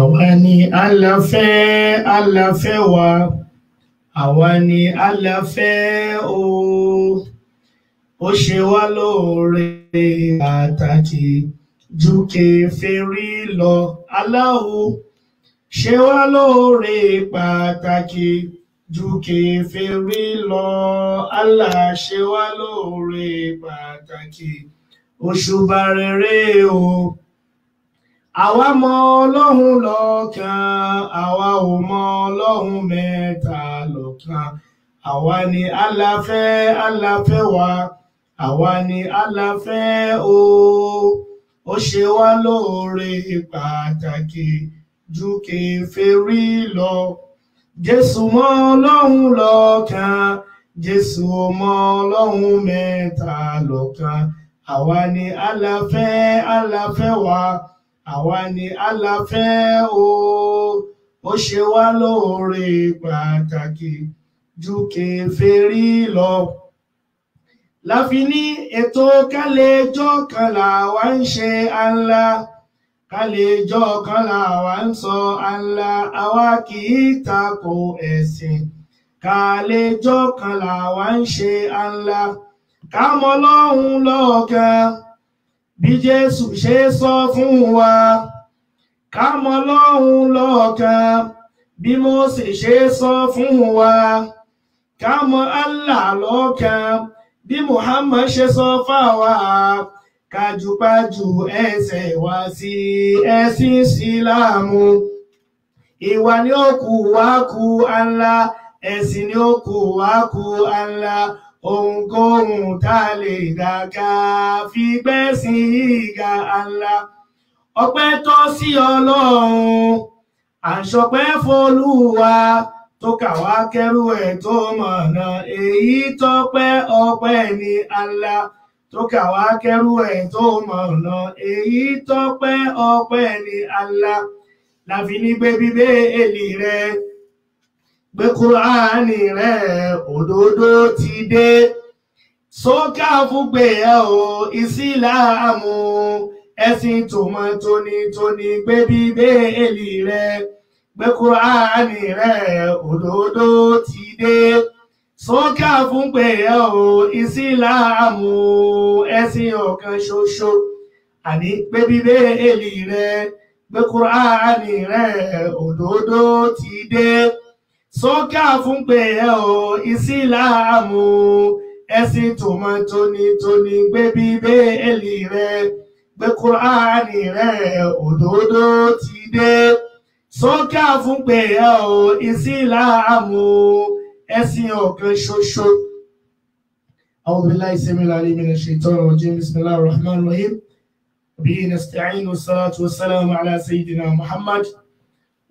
àwa ni aláfẹ́ aláfẹ́ wa àwa ni aláfẹ́ o ó ṣe wá lóore pàtàkì ju kèfèrí lọ aláwo ṣe wá lóore pàtàkì ju kèfèrí lọ Allah ṣe wá lóore pàtàkì òṣùbà rere o àwa mọ ọlọ́run lọ́kan àwa ò mọ ọlọ́run mẹ́ta lọ́kan àwa ni aláfẹ́ aláfẹ́ wa àwa ni aláfẹ́ o ó ṣe wá lóore pàtàkì ju kèfèrí lọ jésù mọ ọlọ́run lọ́kan jésù mọ ọlọ́run mẹ́ta lọ́kan àwa ni aláfẹ́ aláfẹ́ wa àwa ni aláfẹ́ o ó ṣe wá lóore pàtàkì ju kèfèrí lọ láfi ní ètò kálẹ̀jọ́ kan làwa ń ṣe ànlá kálẹ̀jọ́ kan làwa ń sọ ànlá àwa kì í takò ẹ̀sìn kálẹ̀jọ́ kan làwa ń ṣe ànlá kámọ́ lọ́hùn lọ́ọ̀kan bí Jésù ṣe sọ fún wa ká mọ Ọlọ́run lọ́kan bí Mósè ṣe sọ fún wa ká mọ Allah lọ́kan bí Muhammad ṣe sọ fáwa kájúpájú ẹsẹ̀ wá sí ẹ̀sìn síláàmù ìwà ni ó kù wá kù Allah ẹ̀sìn ni ó kù wá kù Allah ohunkóhun tá a lè dàgà fi gbẹ́ sí ìgà Allah ọpẹ́ tọ́ sí ọlọ́run àṣọpẹ́ fọlúwa tó kà wá kẹ́rù tó mọ̀nà èyí tọ́pẹ́ ọpẹ́ ni Allah tó kà wá kẹ́rù ẹ̀ tó mọ̀nà èyí tọ́pẹ́ ọpẹ́ ni Allah láfi ní gbé bíbélì rẹ̀ pé kúránì rẹ̀ òdodo ti dé sókà fúgbè ẹ o ìsìláàmù ẹ̀sìn tòmọ́ tónítóní pé bíbélì rẹ̀ pé kúránì rẹ̀ òdodo ti dé sókà fúgbè ẹ o ìsìláàmù ẹ̀sìn ọ̀kan ṣoṣo àní pé bíbélì rẹ̀ pé kúránì rẹ̀ òdodo ti dé sókè àfúnpè ẹ o ìsìláàmù ẹ̀sìn tòmọ́ tónítóní gbé bíbélì rẹ gbé kúránì rẹ òdodo ti dé sókè àfúnpè ẹ o ìsìláàmù ẹ̀sìn ọ̀kan ṣoṣo. أعوذ بالله السميع العليم من الشيطان الرجيم بسم الله الرحمن الرحيم به نستعين والصلاة والسلام على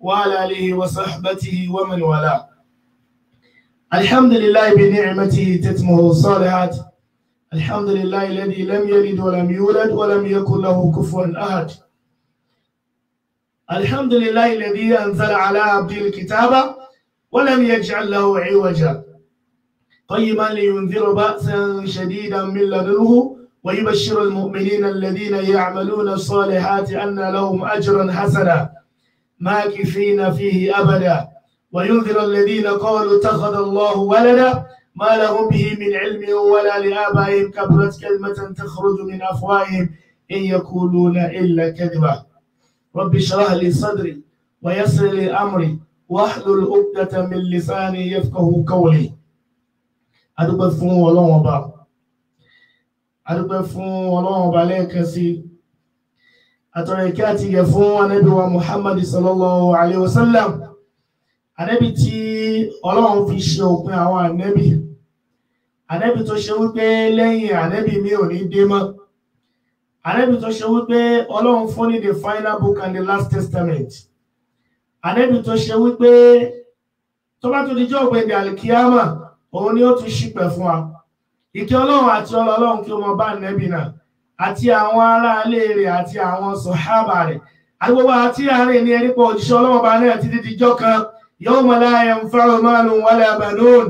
وعلى آله وصحبته ومن والاه الحمد لله بنعمته تتمه الصالحات الحمد لله الذي لم يلد ولم يولد ولم يكن له كفوا أحد الحمد لله الذي أنزل على عبده الكتاب ولم يجعل له عوجا قيما لينذر بأسا شديدا من لدنه ويبشر المؤمنين الذين يعملون الصالحات أن لهم أجرا حسنا ماكثين فيه أبدا وينذر الذين قالوا اتخذ الله ولدا ما لهم به من علم ولا لآبائهم كبرت كلمة تخرج من أفواههم إن يقولون إلا كذبا رب اشرح لي صدري ويسر لي أمري واحلل عقدة من لساني يفقه قولي أدب فون ولون وبا أدب فون ولون وبا لك سي atọrọ ìkẹ́ àti ìyẹ́ fún anábì wa muhammad sallallahu alayhi wa sallam anábì tí ọlọ́run fi ṣe òpin àwọn anábì anábì tó ṣe wípé lẹ́yìn anábì mi ò ní dé mọ́ anábì tó ṣe wípé ọlọ́run fún ní the final book and the last testament anábì tó ṣe wípé tó bá tún di jọ́ ògbẹ́dẹ̀ alikiyama òun ni ó tún ṣípẹ̀ fún wa ìkẹ́ ọlọ́run àti ọlọ́run kí ó mọ bá anábì náà àti àwọn aláàlé rẹ̀ àti àwọn sọ̀hábà rẹ̀ àgbogbo àti àárín ní ẹni pọ̀ òjíṣẹ́ ọlọ́mọba náà ti dídí jọ́ kan yawma la yanfa'u malun wala banun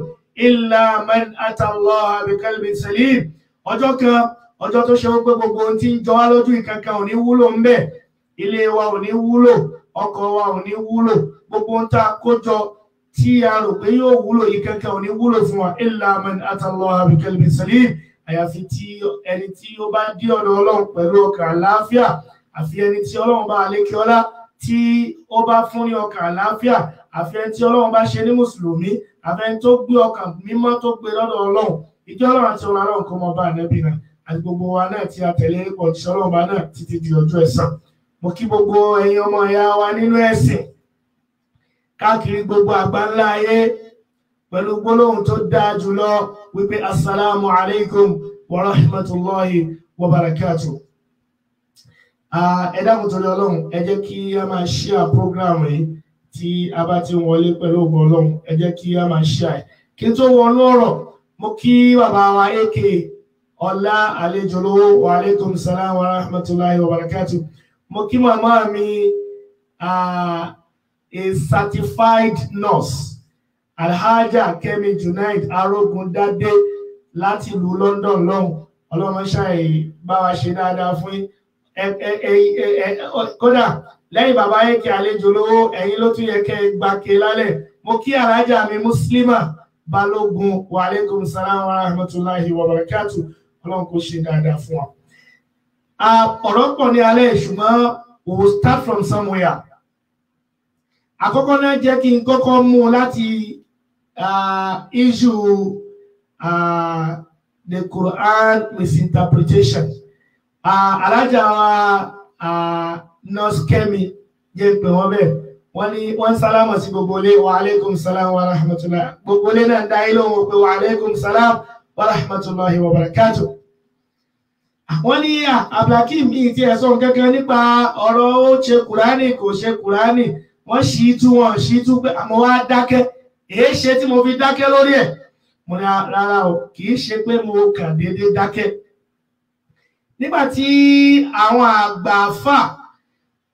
illa man ata Allaha bi qalbin salim ọjọ́ kan ọjọ́ tó ṣe wípé gbogbo ohun tí ń jọ wá lójú ìkankan ò ní wúlò ń bẹ̀ ilé wa ò ní wúlò ọkọ̀ wa ò ní wúlò gbogbo ohun tá a kó jọ tí a rò pé yóò wúlò ìkankan ò ní wúlò fún wa illa man ata Allaha bi salim àyàfi tí ẹni tí ó bá dí ọ̀dọ̀ ọlọ́run pẹ̀lú ọkàn àlàáfíà àfi ẹni tí ọlọ́run bá lékè ọlá tí ó bá fún ní ọkàn àlàáfíà àfi ẹni tí ọlọ́run bá ṣe ní mùsùlùmí àfi ẹni tó gbé ọkàn mímọ́ tó gbé lọ́dọ̀ ọlọ́run ìjọ ọlọ́run àti ọlọ́run ọlọ́run kò mọ bá ànẹ́bí náà àti gbogbo wa náà tí a pọ̀ tí ọlọ́run bá náà títí di ọjọ́ ẹ̀san mo kí gbogbo ẹ̀yin ọmọ ìyá wa nínú ẹ̀sìn káàkiri gbogbo àgbáńlá ayé pẹ̀lú gbólóhùn tó dáa jùlọ wípé assalamu alaikum wa rahmatullahi wa barakatuh ẹ dákun torí ọlọ́run ẹ jẹ́ kí a máa share program yìí tí a bá ti wọlé pẹ̀lú ògbọ́ ọlọ́run ẹ jẹ́ kí a máa share kí tó wọnú ọ̀rọ̀ mo kí bàbá wa ak ọlá àlejò wa alaikum salam wa rahmatullahi wa barakatuh mo kí màmá mi a certified nurse alhaja tonight. junaid arógundádé láti ìlú london lọ́hùn ọlọ́mọṣáì bá wa ṣe dáadáa fún kódà lẹ́yìn bàbá yẹn kí àlejò lówó ẹ̀yin ló tún yẹ kẹ́ ẹ gbà ké lálẹ́ mo kí alhaja mi muslima balógun wa aleykum salaam wa rahmatulahi wa barakatu ọlọ́run kò ṣe dáadáa fún wa. ọ̀rọ̀ pọ̀ ní alẹ́ ṣùgbọ́n we will start from somewhere. àkọ́kọ́ náà jẹ́ kí n kọ́kọ́ mú un láti uh, issue uh, the Quran misinterpretation. Uh, Alájà wa uh, Nurse Kemi jẹ́ pé wọ́n bẹ̀ wọ́n ní wọ́n sálámà sí gbogbo ilé wa aleykum salam wa rahmatulah gbogbo ilé náà dá ilé wọn pé wa aleykum salam wa rahmatulah wa barakatu. Wọ́n ní Abdulhakeem yìí ti ẹ̀sọ́ kankan nípa ọ̀rọ̀ ó ṣe Kùránì kò ṣe Kùránì wọ́n ṣì tú wọn ṣì tú pé àmọ́ wá dákẹ́ èé ṣe tí mo fi dákẹ́ lórí ẹ̀ mo ní ah, rárá o kì í ṣe pé mo kàn déédéé dákẹ́ nígbà tí àwọn àgbààfà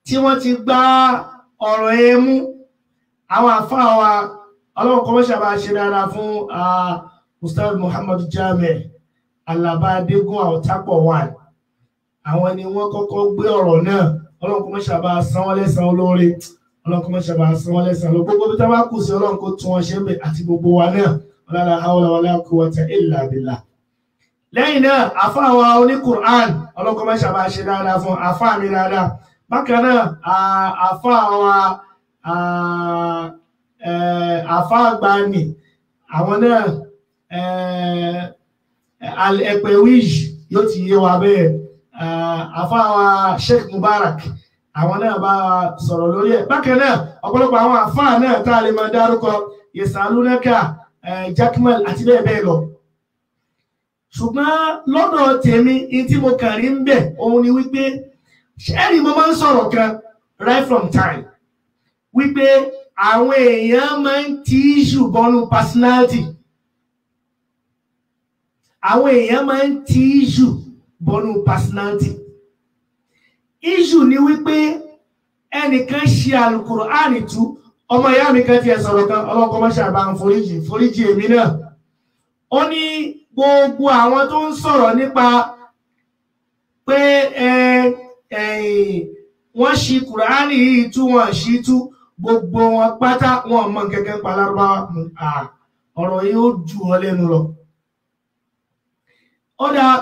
tí wọ́n ti gba ọ̀rọ̀ ẹmu àwọn àfà wa ọlọ́run kọ́mọ́ṣà bá ṣe dára fún ah, ustaz muhammadu jami alaba adegun àwòtápọ̀ wà àwọn ni wọ́n kọ́kọ́ gbé ọ̀rọ̀ náà ọlọ́run kọ́mọ́ṣà bá sanwó lẹ́sàn-án olóore ọlọ́run mọ́ ṣẹba san wọ́n lẹ́sàn lọ gbogbo tó bá kù sí ọlọ́run kó tún wọn ṣe ń bẹ̀ àti gbogbo wa náà ọlọ́la haula wala quwwata illa billah lẹ́yìn náà àfa wa oníkùrán ọlọ́run mọ́ ṣẹba ṣe dáadáa fún àfa mi dáadáa bákan náà àfa wa àfa gbani àwọn náà ẹ̀pẹ̀ wíj yóò ti yé wa bẹ́ẹ̀ àfa wa Sheikh Mubarak àwọn náà bá sọ̀rọ̀ lórí ẹ̀ bákan náà ọ̀pọ̀lọpọ̀ àwọn àfáà náà tá a lè máa dárúkọ yesalunaka jackman àti bẹ́ẹ̀ bẹ́ẹ̀ lọ ṣùgbọ́n lọ́dọ̀ tèmi in tí mo kàn rí ń bẹ̀ òun ni wípé ṣẹ́ẹ̀rì mo máa ń sọ̀rọ̀ kan right from time wípé àwọn èèyàn máa ń tíṣù bọ́nú personality àwọn èèyàn máa ń tíṣù bọ́nú personality iṣu ni wípé ẹnìkan ṣe alukoro àrìtú ọmọ ìyá mi kan ti ẹ̀ sọ̀rọ̀ kan ọlọ́kọ̀ mọ́ṣà bá ń foríjì foríjì èmi náà ó ní gbogbo àwọn tó ń sọ̀rọ̀ nípa pé wọ́n ṣi kùránì yìí tú wọn ṣi tú gbogbo wọn pátá wọn mọ kẹ̀kẹ́ palárúbá ọ̀rọ̀ yìí ó jù ọ lẹ́nu lọ. ó dáa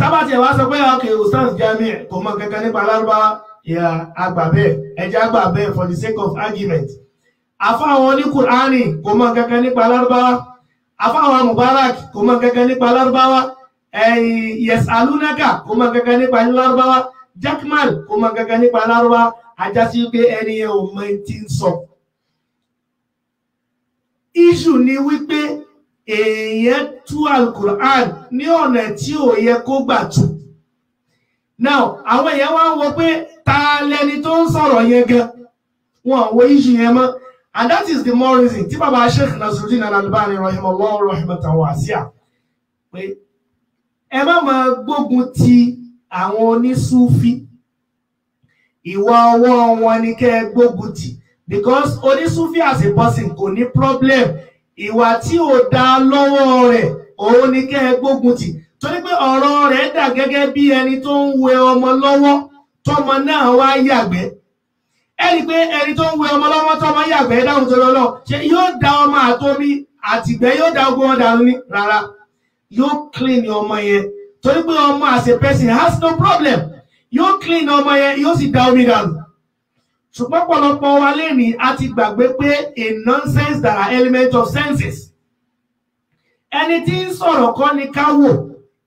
tábàtì ẹ̀ wá sọ pé ọkẹ́ ustaz jami kò mọ kankan nípa lárúbáwá yà àgbà bẹ́ẹ̀ ẹ̀jẹ̀ àgbà bẹ́ẹ̀ for the sake of argument àfáwọn oníkùránì kò mọ kankan nípa lárúbáwá àfáwọn mubarak kò mọ kankan nípa lárúbáwá yes alunaka kò mọ kankan nípa lárúbáwá jackman kò mọ kankan nípa lárúbáwá ajásí pé ẹni yẹn ò mọ ti ń sọ. iṣu ni wípé èèyàn tú alukur'an ní ọ̀nà tí ò yẹ kó gbà tú now àwọn èèyàn wá ń wọ pé ta lẹni tó ń sọ̀rọ̀ yẹn gan wọn wọ iṣu yẹn mọ́ and that is the more reason tí bàbá Sheikh Nasruddin Al-Albani rahimahullah rahimatan wasi'a pé ẹ má máa gbógun ti àwọn onísúfí ìwà ọwọ́ wọn ni kẹ́ ẹ gbógun ti because onísúfí as a person kò ní problem ìwà tí ò dá lọ́wọ́ rẹ̀ òun ni kẹ́ ẹ gbógun tì torí pé ọ̀rọ̀ rẹ̀ dà gẹ́gẹ́ bí ẹni tó ń wẹ ọmọ lọ́wọ́ tọmọ náà wá yàgbẹ́ ẹni pé ẹni tó ń wẹ ọmọ lọ́wọ́ tọmọ yàgbẹ́ dáhùn tó lọ́lọ́ ṣe yóò da ọmọ àtomi àtìgbẹ́ yóò da ogun wọn dànù ní rárá yóò clean ọmọ yẹn torí pé ọmọ as a person has no problem yóò clean ọmọ yẹn yóò sì da omi dànù ṣùgbọ́n pọ̀lọpọ̀ wa lẹ́ni a ti gbàgbé pé a nonsense that are element of senses ẹni tí ń sọ̀rọ̀ kọ́ ni ká wò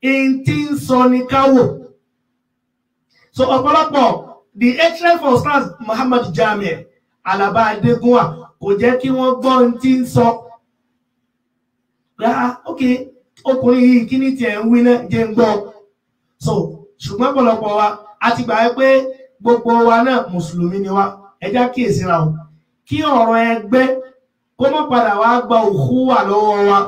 ẹni tí ń sọ ni ká wò so ọ̀pọ̀lọpọ̀ the ancient for stars Muhammad Jamiu Alaba Adegunwa kò jẹ́ kí wọ́n gbọ́ ohun tí ń sọ gbá ok ọkùnrin yìí kí ni tiẹ̀ ń wí náà jẹ́ ń gbọ́ so ṣùgbọ́n pọ̀lọpọ̀ wa a ti gbàgbé pé gbogbo wa náà mùsùlùmí ni wa ẹjá kíyèsí ra o kí ọ̀rọ̀ ẹgbẹ́ kó má padà wá gba òkú wà lọ́wọ́ wa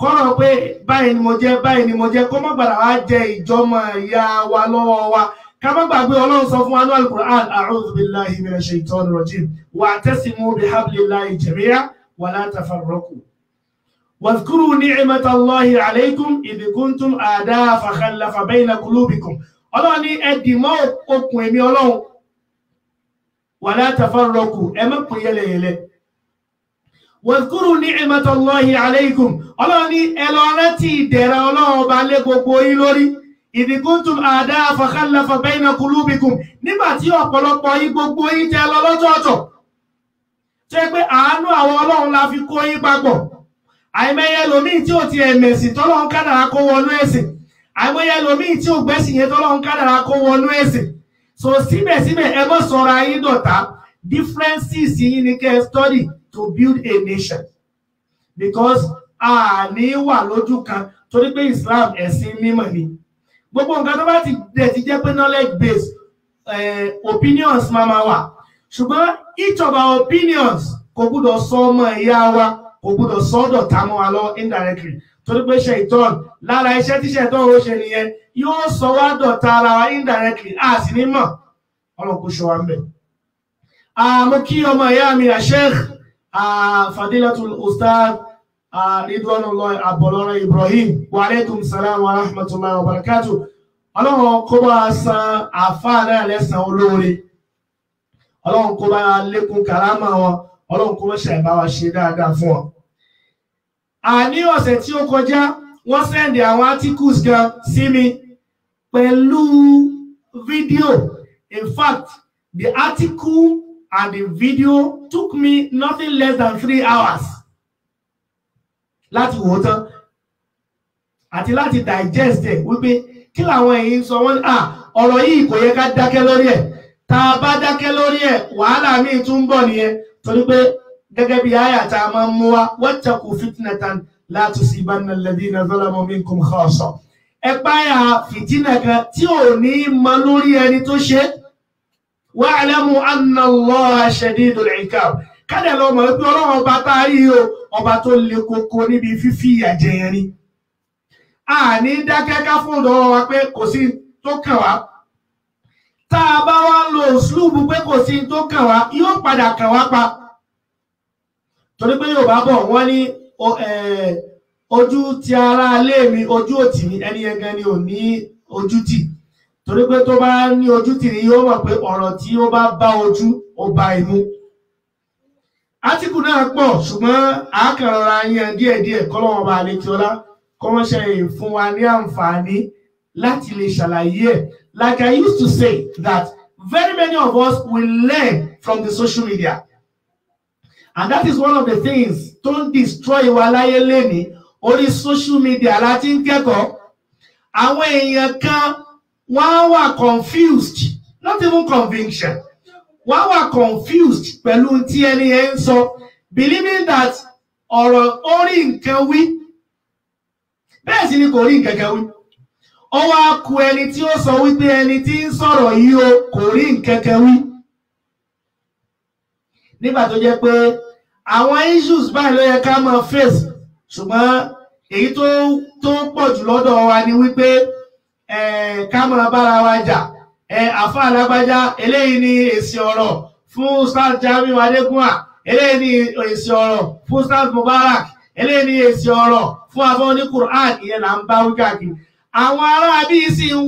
kọ́rọ̀ pé báyìí ni mo jẹ́ báyìí ni mo jẹ́ kó má padà wá jẹ ìjọmọ ìyá wa lọ́wọ́ wa ká má gbàgbé ọlọ́run sọ fún wa ní alukur'an a'udhu billahi minash shaitonir rajim wa'tasimu bihablillahi jami'a wala tafarraqu واذكروا نعمة الله عليكم إذ كنتم أعداء فخلف بين قلوبكم ọlọ́run ní ẹdì mọ́ okùn èmi ọlọ́run wà látàfà rọkù ẹ má pín yẹlẹyẹlẹ wàkúrú ní ìmọ̀tọ̀lọ́hì aláìkùm ọlọ́run ní ẹlọ rántí ìdẹ̀ra ọlọ́run ọba lé gbogbo yín lórí ìdíkùntùm àdá àfàkàlàfà bẹ́ẹ̀nà kùlúbìkùm nígbà tí ọ̀pọ̀lọpọ̀ yín gbogbo yín tẹ lọ lọ́tọ̀ọ̀tọ̀ jẹ́ pé àánú àwọn ọlọ́run la fi kó yín papọ̀ àìmẹ́yẹ lòmíì tí ò ti ẹ̀mẹ̀sìn tọ́lọ́run kádàrá kó ẹ̀sìn àmọ́yá lomiì tí ò gbẹ́sìn yẹn tọ́lọ́run kádàrá kó wọnú ẹ̀sìn so síbẹ̀síbẹ̀ ẹ mọ́ sọ̀rọ̀ ayé dọ̀tá differences yìí ni kẹ́ ẹ study to build a nation because àní wà lójú kan torí pé Islam ẹ̀sìn mímọ́ ni gbogbo nǹkan tó bá ti dẹ̀ ti jẹ́ pé knowledge based opinions máa ma wà ṣùgbọ́n each of our opinions kò gbúdọ̀ sọ ọmọ ìyá wa kò gbúdọ̀ sọ ọ́ dọ̀tá mọ́ wa lọ indirectly torí pé ṣèitọ́n lára iṣẹ́ tí ṣèitọ́n ó ṣe nìyẹn yóò sọ wá dọ̀tá ara wa indirectly a sì ní mọ̀ ọlọ́run kò ṣọ wa ń bẹ̀. àmọ́ kí ọmọ ìyá mi Sheikh Fadilatul Ustaz Ridwanullah Abọ̀lọ́rọ̀ Ibrahim wa aleykum salaam wa rahmatullahi wa barakatuh ọlọ́run kó bá san àfáà náà lẹ́sàn olóore ọlọ́run kó bá lékún kàrámà wọn ọlọ́run kó bá ṣàìbá wa ṣe dáadáa fún wọn àní ọ̀sẹ̀ tí ó kọjá wọ́n sẹ́ndì àwọn articles kan sí mi pẹ̀lú video. in fact the article and the video took me nothing less than three hours láti wò ó tán àti láti digest ẹ̀ wípé kí làwọn èyí ń sọ wọ́n ní ah, ọ̀rọ̀ yìí kò yẹ ká dákẹ́ lórí ẹ̀ tá a bá dákẹ́ lórí ẹ̀ wàhálà míì tún ń bọ̀ nìyẹn torí pé gẹ́gẹ́ bí àyà tá a máa ń mú wa wattaqu fitnatan la tusibanna alladhina zalamu minkum khassa ẹ páyà fìtínà kan tí ò ní mọ lórí ẹni tó ṣe wa'lamu anna Allaha shadidul iqab kádẹ lọ mọ̀ pé Ọlọ́run ọba tá a rí o ọba tó le koko níbi fífi ìyà jẹ yẹn ni àní dákẹ́ ká fún ọ̀dọ́ wa pé kò sí tó kàn wá tá a bá wá lo òṣùlùbù pé kò sí tó kàn wá yóò padà kàn wá pa torí pé Yorùbá bọ̀ wọ́n ní ojú ti ara ilé mi ojú òtì mi ẹni yẹn gan ni ò ní ojú tì torí pé tó bá ní ojú tì ní yóò mọ̀ pé ọ̀rọ̀ tí ó bá bá ojú ó bá imú átíkù náà pọ̀ ṣùgbọ́n àákàrọ̀ra yẹn díẹ̀díẹ̀ kọ́lọ́wọ́n bá lè tí ọlá kọ́mọ́ṣẹ́ yìí fún wa ní àǹfààní láti lè ṣàlàyé ẹ̀ like I used to say that very many of us will learn from the social media and that is one of the things tó ń destroy wa láyé lẹ́ni orí social media la ti ń kẹ́kọ̀ọ́ àwọn èèyàn kan wọ́n á wà confused not even conviction wọ́n á wà confused pẹ̀lú ti ẹni yẹn ń sọ believing that ọ̀rọ̀ ó rí nǹkan wí bẹ́ẹ̀ sì ni kò rí nǹkan kan wí ó wá ku ẹni tí ó sọ wípé ẹni tí ń sọ̀rọ̀ yìí o kò rí nǹkan kan wí nígbà tó jẹ́ pé. àwọn issues báyìí ló yẹ ká máa face ṣùgbọ́n èyí tó tó pọ̀ jù lọ́dọ̀ wa ni wípé ká máa bára wa jà àfa alágbájá eléyìí ni ọ̀rọ̀ fún Jamiu Adégúnwà eléyìí ni èsì ọ̀rọ̀ fún Ustaz Mubarak eléyìí ni èsì ọ̀rọ̀ fún Quran ìyẹn là ń bá àwọn sì ń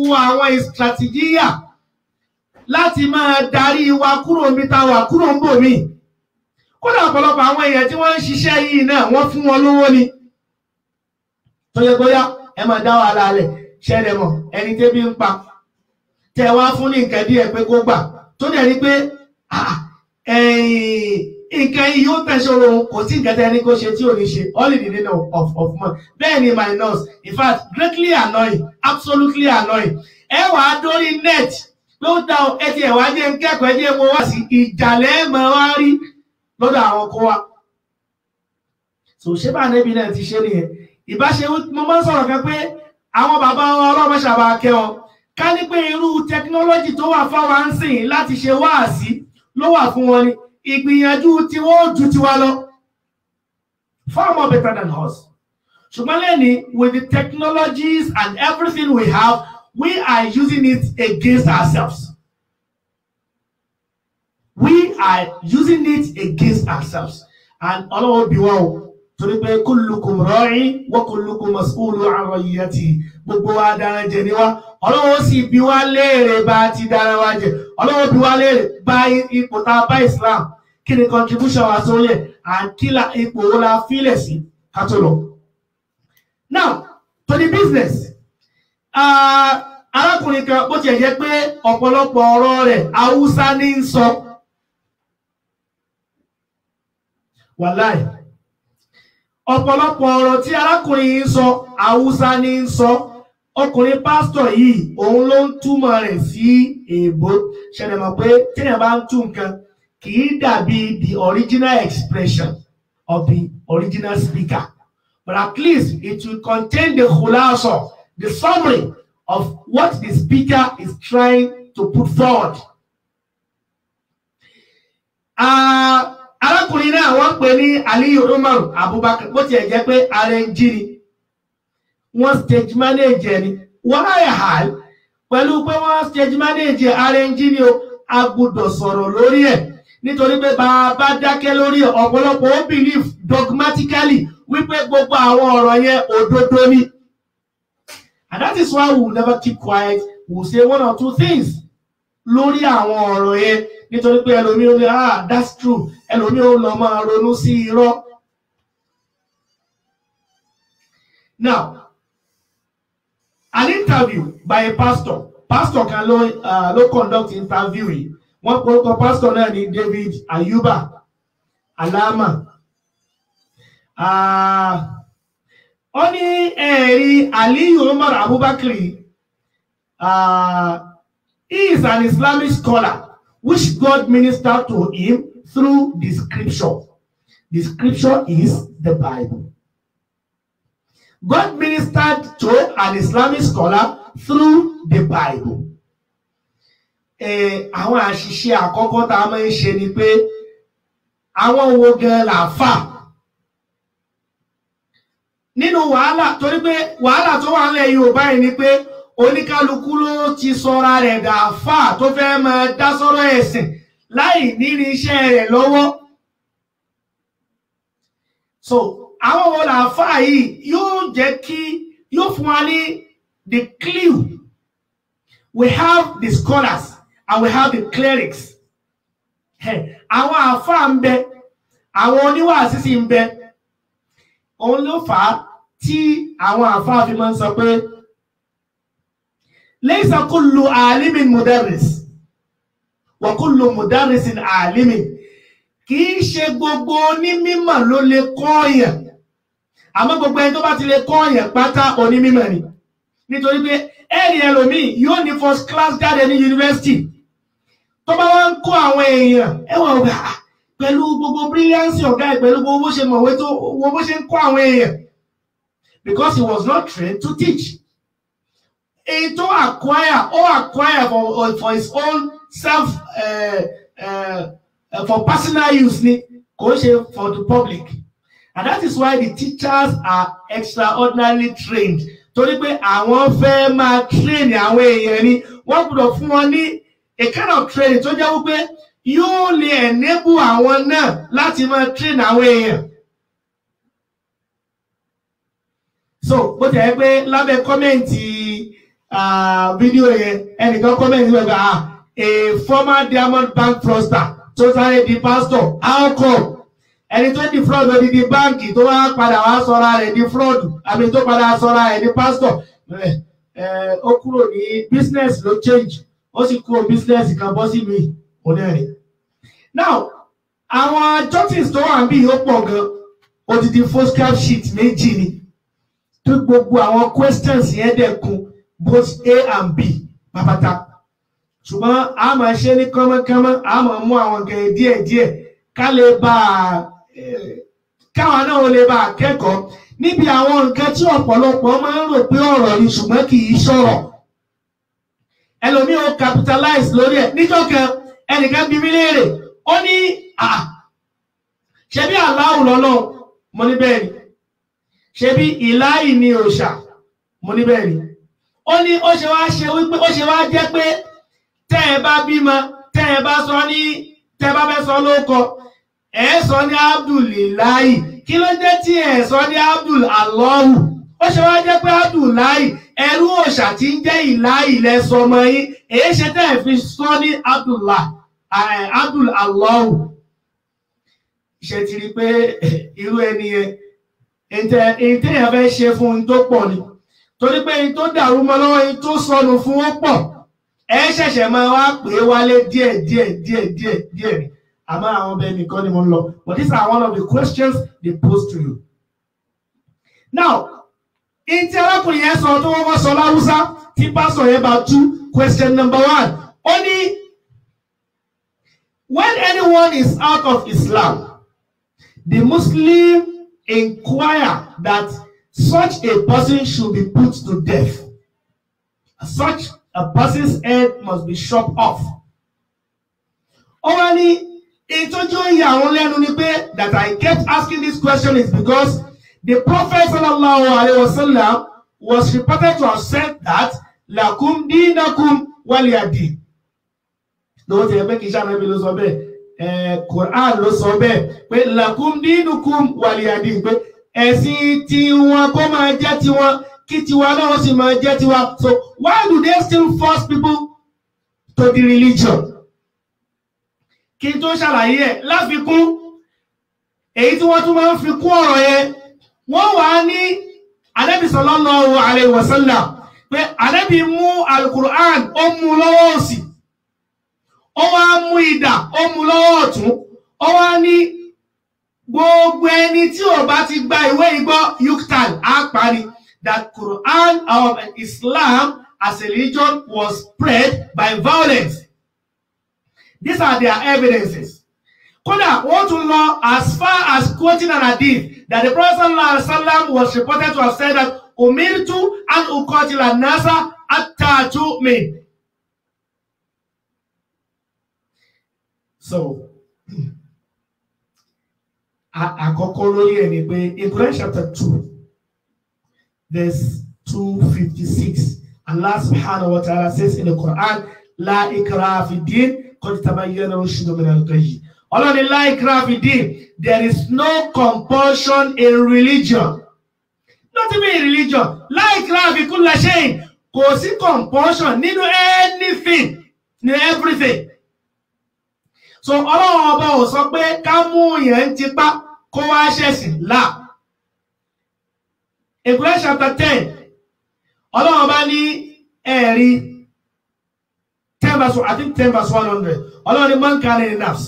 wo mi ta wa kúrò ń bò kódà ọ̀pọ̀lọpọ̀ àwọn èèyàn tí wọ́n ń ṣiṣẹ́ yìí náà wọ́n fún wọn lówó ni tọ́jọ́gbọ́yá ẹ máa dá wàhálà alẹ̀ ṣẹlẹ̀ mọ̀ ẹni tẹ́bí ń pa tẹ wá fún ní nǹkan díẹ̀ pé kó gbà tó dẹ̀ ní pé nǹkan yìí yóò tẹ̀sọ̀rọ̀ òun kò sí nǹkan tẹ́ni kó ṣe tí ò ní ṣe holiday nínú of of man bẹ́ẹ̀ ni minus in fact greatly annoying absolutely annoying ẹ wàá dórí net ló dá ẹ ti ẹ̀ wá jẹ́ ń kẹ́kọ̀ọ́ ẹ jẹ́ mo wá sí ìjàlẹ́ mọ́ wá rí lọ́dọ̀ àwọn kó wa so ṣé bá nẹ́bí náà ti ṣe nìyẹn ìbáṣe mo máa sọ̀rọ̀ kan pé àwọn bàbá wọn ọlọ́mọ ṣàbà kẹ́ ká ní pé irú tẹkinọ́lọ́jì tó wà fáwa ń sìn láti ṣe wáàsí ló wà fún wọn ni ìgbìyànjú tí wọ́n ju tiwa lọ far more better than us ṣùgbọ́n lẹ́ni with the technologies and everything we have we are using it against ourselves we are using it against ourselves and ọlọ́wọ́ bí wọ́n o torí pé kullukum ra'i wa kullukum mas'ulu an ra'iyyati gbogbo wa dára jẹ ni wá ọlọ́wọ́ sì bí wá léèrè bá ti dára wá jẹ ọlọ́wọ́ bí wá léèrè bá ipò tá bá Islam kí ni contribution wa sórí ẹ̀ and kí la ipò wo la fílẹ̀ sí ká lọ. now to the business arákùnrin kan bó ti ẹ̀ jẹ́ pé ọ̀pọ̀lọpọ̀ ọ̀rọ̀ rẹ̀ Haúsá ní ń sọ. wàláì ọ̀pọ̀lọpọ̀ ọ̀rọ̀ tí arákùnrin yìí ń sọ haúsá ní ń sọ ọkùnrin pásítọ̀ yìí òun ló ń túmọ̀ rẹ̀ sí èèbó ṣẹlẹ̀ mọ̀ pé téèyàn bá ń tú nǹkan kì í dàbí the original expression of the original speaker but at least it will contain the khulasa the summary of what the speaker is trying to put forward. Uh, arákùnrin náà wọ́n pè ní aliyu umaru abubakar bó tiẹ̀ jẹ́ pé ara ń jí ni wọ́n stage manager ni wọ́n ráyà hàl pẹ̀lú pé wọ́n stage manager ara ń jí ni o a gbọ́dọ̀ sọ̀rọ̀ lórí ẹ̀ nítorí pé bàbá dákẹ́ lórí ọ̀pọ̀lọpọ̀ ó believe dogmatically wípé gbogbo àwọn ọ̀rọ̀ yẹn òdodo ni and that is why we will never keep quiet we will say one or two things lórí àwọn ọ̀rọ̀ yẹn nítorí pé ẹlòmí ó ní ah that's true ẹlòmí ó lọ máa ronú sí irọ́. now an interview by a pastor pastor kan ló ah, ló conduct interview yìí wọ́n porúkọ pastor náà ní David Ayuba Alama ah, ó ní ẹ̀rí Aliyu Umar Abubakar ah, he is an Islamic scholar which God ministered to him through the scripture. The scripture is the Bible. God ministered to an Islamic scholar through the Bible. Àwọn àṣìṣe àkọ́kọ́ tá a máa ń ṣe ni pé àwọn wo gan làáfà nínú wàhálà torí pé wàhálà tó wà nílẹ̀ Yorùbá yìí ni pé oníkálukú ló ti sọra rẹ̀ dàáfà tó fẹ́ máa dá sọ́rọ̀ ẹ̀sìn láì ní irinṣẹ́ rẹ̀ lọ́wọ́ so àwọn wo làáfà yìí yóò jẹ́ kí yóò fún wa ní the clue we have the scholars and we have the clerics àwọn àáfà ń bẹ àwọn oníwàásí sì ń bẹ òun ló fà á tí àwọn àáfà fi máa ń sọ pé. ليس كل عالم مدرس وكل مدرس عالم kì í ṣe gbogbo onímọ̀ ló lè kọ́ ọ̀yàn àmọ́ gbogbo ẹni tó bá ti lè kọ́ ọ̀yàn pátá onímọ̀ ni nítorí pé ẹ̀rì ẹlòmíì yóò ní first class jáde ní yunifásitì tó bá wá ń kọ́ àwọn èèyàn ẹ̀wọ̀n ọ̀gá ah, pẹ̀lú gbogbo brilliance ọ̀gá ẹ̀ pẹ̀lú gbogbo bó ṣe mọ̀wé tó wo bó ṣe ń kọ́ àwọn èèyàn because he was not trained to teach èyí tó acquire or acquire for for his own self uh, uh, for personal use ni kò ṣe for the public and that is why the teachers are extraordinarily trained torí pé àwọn fẹ́ máa train àwọn èèyàn ni wọ́n gbọ́dọ̀ fún wọn ní a kind of training tó jẹ́ wípé yóò lè enable àwọn náà láti máa train àwọn èèyàn. so bó ti ẹ pé lábẹ́ kọ́mẹ́ǹtì fídíò ah, yẹn ẹnìkan kọ́mẹ̀ntì wẹ̀ pé ah a former Diamond Bank fraudster tó sáré di pastor how come ẹni tó di fraud lọ di di báǹkì tó wá padà wá sọra rẹ̀ di fraud àbí tó padà sọra rẹ̀ di pastor eh, eh, ó kúrò ní business ló change ó sì kúrò business kan bọ́ sí mi onẹ́rìn. now àwọn churches tó wà níbí ó pọ̀ gan odidi foolscap sheet méjì ni tó gbogbo àwọn questions yẹn dẹ̀ kún both a and b pàpàtà ṣùgbọ́n a máa ṣe ní kánmọ́kánmọ́ a máa mú àwọn nǹkan díẹ̀díẹ̀ ká lè bá a káwọn náà lè bá a kẹ́kọ̀ọ́ níbi àwọn nǹkan tí ọ̀pọ̀lọpọ̀ máa ń rò pé ọ̀rọ̀ ni ṣùgbọ́n kì í ṣọ̀rọ̀ ẹlòmíì capitalize lórí ẹ̀ níjọ́ kan ẹnìkan bí mí léèrè ó ní ṣebí aláwù lọ́lọ́ mo ní ni ṣebí ìláì ni òòṣà mo ní ni ó ní ó ṣe wá ṣe wípé ó ṣe wá jẹ́ pé tẹ́ ẹ bá bímọ tẹ́ ẹ bá sọ ní tẹ́ ẹ bá fẹ́ sọ lóko ẹ sọ ní abdulilayi kí ló dé tí ẹ sọ ní abdul alọ́hù ó ṣe wá jẹ́ pé abdullahi ẹrú òòṣà tí ń jẹ́ ìláyì lẹ sọ ọmọ yín èyí ṣe tẹ́ ẹ fi sọ ní abdullah eh, abdul alọ́hù ṣe ti rí pé irú ẹni yẹn ètè èyí tẹ́yàn fẹ́ ṣe fún un tó pọ̀ ni torí pé in tó dàrú mọ́ lọ́wọ́ in tó sọnù fún wọn pọ̀ ẹ ṣẹ̀ṣẹ̀ máa wá pè é wálé díẹ̀ díẹ̀ díẹ̀ díẹ̀ díẹ̀ àmọ́ àwọn ọbẹ̀ nìkan ni mo ń lọ but these are one of the questions they pose to you. now in ti arákùnrin yẹn sọ tó wọ́n kọ́ sọ láwùsá tí pásọ̀ yẹn bá tú question number one ó ní when anyone is out of Islam the Muslim inquire that Such a person should be put to death. Such a person's head must be chopped off. Ó wá ní ìtọ́jú oyè àwọn lẹ́nu ni pé that I kept asking this question is because the prophet sallallahu alayhi wa sallam was reported to have said that lakum dinakum waliyadi. Lọ́wọ́ ti ẹgbẹ́ kìí ṣàlàyé mi ló sọ bẹ́ẹ̀ Quran ló sọ bẹ́ẹ̀ pé lakum dinukum waliyadi pé ẹ̀sìn tiwọn kó máa jẹ́ tiwọn kí tiwa náà sì máa jẹ́ tiwa so why do they still force people to the religion? kí n tó ṣàlàyé ẹ̀ láfikún èyí tí wọ́n tún máa ń fi kún ọ̀rọ̀ yẹn wọ́n wà ní Ànábì sallallahu alaihi wasallam pé Ànábì mú alukur'an ó mú lọ́wọ́ òsì ó wá mú idà ó mú lọ́wọ́ ọ̀tún ó wá ní gbogbo ẹni tí ò bá ti gba ìwé igbó yuktan á parí that Quran of Islam as a religion was spread by violence these are their evidences kódà wọ́n tún lọ as far as quoting an hadith that the Prophet sallallahu alaihi wa sallam was reported to have said that umirtu an ukotila nasa atatu me." So àkọ́kọ́ lórí ẹ̀ ni pé in Quran chapter two verse two fifty six Allah subhanahu wa ta'ala says in the Quran la ikraha fi din qad tabayyana rushdu min al-ghayy ọlọ́ni la ikraha fi din there is no compulsion in religion Not even in religion la ikraha fi kulli shay kò sí compulsion nínú anything ní everything so ọlọ́run ọba ò sọ pé ká mú yẹn ń tipá kó wá ṣẹ̀sìn là Hebrews chapter ten ọlọ́run bá ní ẹ̀rí ten verse I think ten verse one hundred ọlọ́run ní man kana in nafs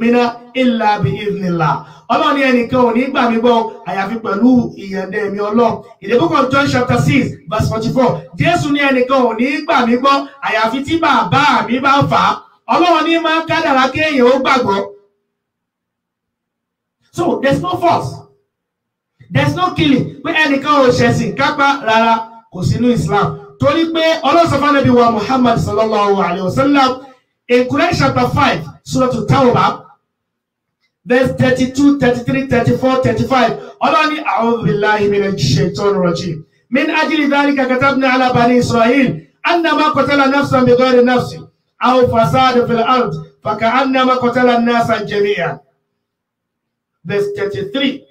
mina illa bi idhnillah ọlọ́run ní ẹnìkan ò ní gbà mí gbọ́ àyàfi pẹ̀lú ìyànde mi ọlọ́run in the book of John chapter six verse forty four jésù ní ẹnìkan ò ní gbà mí gbọ́ àyàfi tí bàbá mi bá fà á ọlọ́run ní máa ń kádàrá kéèyàn ó gbàgbọ́. So there's no force. There's no killing. Pé ẹnìkan ò ṣẹ̀sìn kápá rárá kò sínú Islam. Torí pé ọlọ́sọ̀fà nàbí wa Muhammad sallallahu alayhi wa sallam in Quran chapter five surah to Tawbah verse thirty-two thirty-three thirty-four thirty-five ọlọ́ni a'udhu billahi minash shaitonir rajim. من أجل ذلك كتبنا an بني إسرائيل أنما قتل نفسا بغير نفس أو فساد في الأرض فكأنما قتل الناس جميعا verse 33.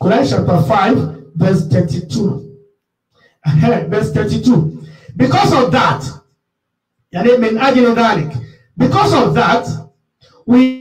Colossians chapter 5, verse 32. verse 32. Because of that, because of that, we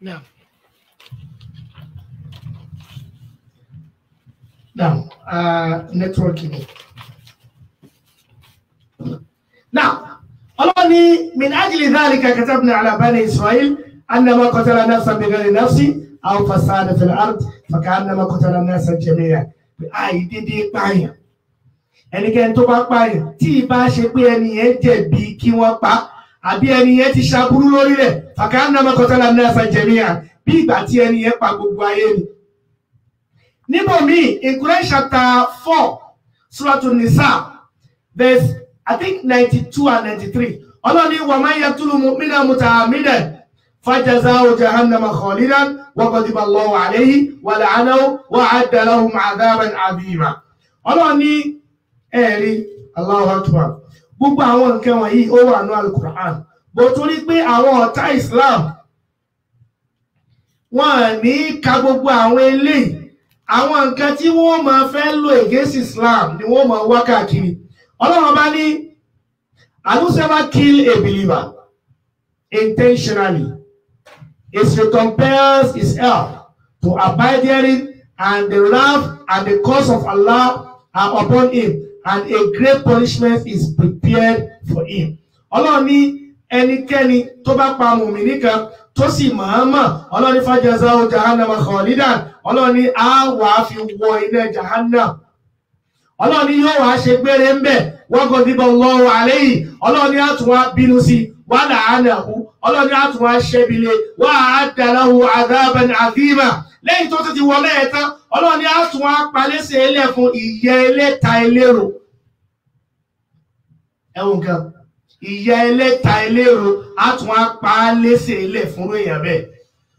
Now, now, uh, ah, networking. Now, Allah ni min ajli dhalika katabna ala bani Israel annama qatala nafsan bighairi nafsi aw fasada fil ard fakannama qatala nasa jami'a. Àìdédé pààyàn. Ẹnikẹ́ni tó bá pààyàn tí ì bá ṣe pé ẹni yẹn jẹ̀bi kí wọ́n pa á àbí ẹni yẹn ti ṣaburú lórí rẹ̀ fàkànnà mọ́kọ́tàlá náà fàjẹmíà bí ìgbà tí ẹni yẹn pa gbogbo ayé ni. níbòmíì in Quran chapter four suratul nisa verse I think ninety two and ninety three ọlọ́ni wàmá yẹ túlù mílíọ̀nù mùtàmílẹ̀ fàjàzá jahannama khalidan wàkọ̀dìbà lọ́wọ́ àléyí wàlàánà wàhádàlá ọ̀hún àdáàbẹ̀ àbíyìmá ọlọ́ni ẹ̀rí Allahu akbar gbogbo àwọn nǹkan wọ̀nyí ó wà ní alukur'an bó torí pé àwọn ọ̀tá islam wọn ní ka gbogbo àwọn eléyìí àwọn nǹkan tí wọ́n máa fẹ́ lò against islam ni wọ́n máa wá káàkiri ọlọ́run bá ní adúsẹ́bá kill a believer intentionally it recompels his help to abide therein and the wrath and the curse of Allah are upon him and a great punishment is prepared prepared for him ọlọ́run ní ẹnikẹ́ni tó bá pa mùmínì kan tó sì mọ̀ọ́mọ̀ ọlọ́run ní fàjẹsà ó jahannama khalidan ọlọ́run ní á wàá fi wọ iná jahannam ọlọ́run ní yóò wàá ṣe gbére ń bẹ̀ wọ́n kò dìbò lọ́wọ́ àlẹ́ yìí ọlọ́run ní àtúnwá bínú sí wà láàánàhù ọlọ́run ní àtúnwá ṣẹ́bílẹ̀ wà á dàláhù àdábẹ̀ni àdìmà lẹ́yìn tó ti wọlé ẹ̀ tán ọlọ́run ní àtúnwá palẹ́sẹ̀ ẹlẹ́ ìyẹ́ ẹlẹ́ta ẹlẹ́rò ẹ̀wọ̀n kan ìyá ẹlẹ́ta ẹlẹ́ro á tún á pa á léṣe ilé fúnrú èèyàn bẹ́ẹ̀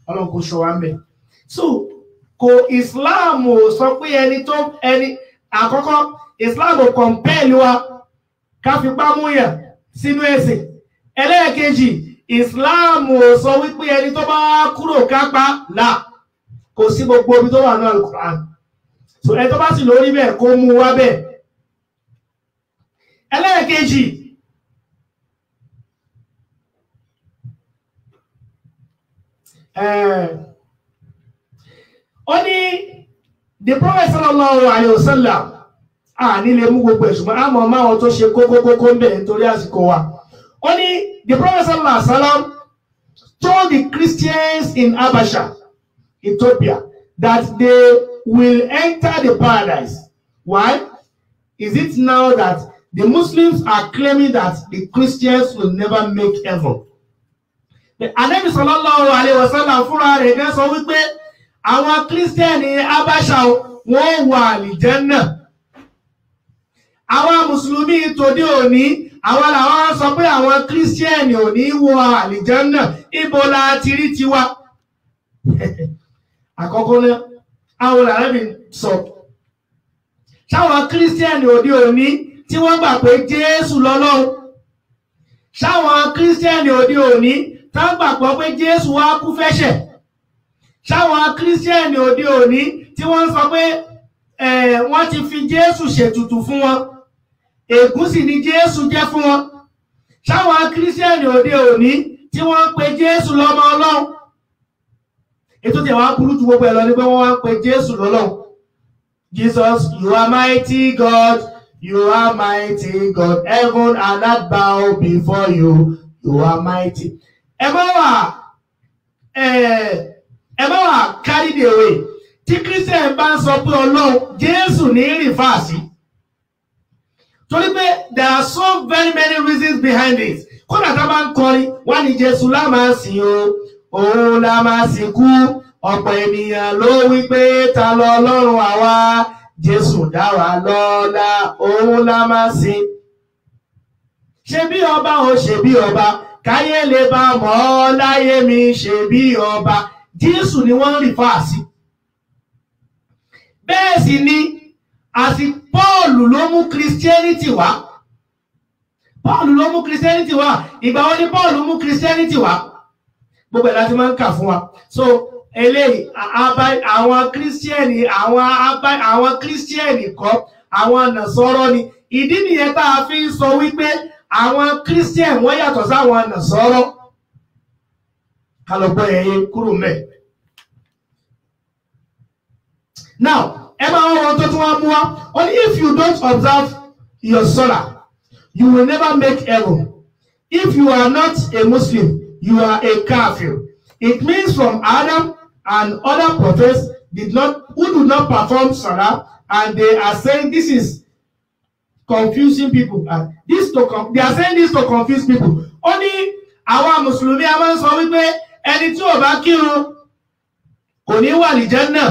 ọlọ́run kò ṣọ wá so kò islam ò sọ pé ẹni tó ẹni àkọ́kọ́ islam ò kọ̀ǹpẹ́ẹ̀lì wa ká fipá múyàn sínú ẹ̀sìn ẹlẹ́ẹ̀kejì islam ò sọ wípé ẹni tó bá kúrò kápá là kò sí gbogbo omi tó wà ní alukuran so ẹni tó bá sì lórí bẹ́ẹ̀ kó mú wá bẹ́ẹ̀ ẹlẹ́ẹ̀kejì ó ní the prophet sallallahu alayhi wa sallam a nílé mú gbogbo ẹ̀sùnmọ́ àmọ́ máwọn tó ṣe kókókókó ń bẹ̀ nítorí àsìkò wa ó ní the prophet sallallahu alayhi wa sallam told the Christians in Habasha Ethiopia that they will enter the paradise why is it now that The Muslims are claiming that the Christians will never make heaven. Ànábì sallallahu alayhi wa sallam fúnra rẹ̀ gẹ́ sọ wípé àwọn kírísítẹ́nì Abáṣà wọ́n wà àlìjẹ́nà. Àwọn Mùsùlùmí tòde òní, àwọn làwọn sọ pé àwọn kírísítẹ́nì ò ní wọ àlìjẹ́nà ibo la ti rí tiwa. Àkọ́kọ́ náà, àwọn làwọn sọ. Ṣáwọn kírísítẹ́nì òde òní tí wọ́n gbà pé Jésù lọ́lọ́run sáwọn kírísítẹ́nì òde òní tá ń gbàgbọ́ pé Jésù wá kú fẹ́ṣẹ̀ sáwọn kírísítẹ́nì òde òní tí wọ́n ń sọ pé wọ́n ti fi Jésù ṣètùtù fún wọn ègúsì ni Jésù jẹ́ fún wọn sáwọn kírísítẹ́nì òde òní tí wọ́n pe Jésù lọ́mọ Ọlọ́run ètò tí àwọn akúrú ju gbogbo ẹ̀ lọ ni pé wọ́n wá pe Jésù lọ́lọ́run Jesus you are mighty God You are mighty God, heaven and earth bow before you. You are mighty. Ẹ má wà ẹ má wà carry the way. Tí Christian bá ń sọ pé Ọlọ́run Jésù ní rìfà Torí pé there are so very many reasons behind this. Kódà tá a bá ń kọrin, wá ní Jésù lá máa sìn o, òun lá máa Ọ̀pọ̀ ènìyàn ló wí pé ta lọ Ọlọ́run àwa. Jésù dá wa lọ́lá òun la máa sìn. Ṣé bí ọba o ṣe bí ọba? Káyé lè bá mọ̀ láyé mi ṣe bí ọba. Jésù ni wọ́n ń rìfà sí. Bẹ́ẹ̀ sì ni àti Pọ́ọ̀lù ló mú Christianity wá. Pọ́ọ̀lù ló mú Christianity wá. Ìgbà wo ni Pọ́ọ̀lù mú Christianity wá? Gbogbo ẹ̀ láti máa ń kà fún wa. So eléyìí àwọn kírísítẹ́nì àwọn kírísítẹ́nì kọ́ àwọn nàṣọ́rọ́ ni ìdí nìyẹn tá a fi ń sọ wípé àwọn kírísítẹ́nì wọ́n yàtọ̀ sáwọn nàṣọ́rọ́ kálọ̀pọ̀ ẹ̀yẹ kúrò mẹ́. now ẹ máa wọ́n wọn tó tún wá mú wa only if you don't observe your solar you will never make heaven if you are not a Muslim you are a kafir. It means from Adam and other prophets did not who do not perform salah and they are saying this is confusing people and this to they are saying this to confuse people Only our Muslimi mùsùlùmí a máa ń sọ wípé ẹni tí ò bá kírun kò ní wà ní jẹ́nà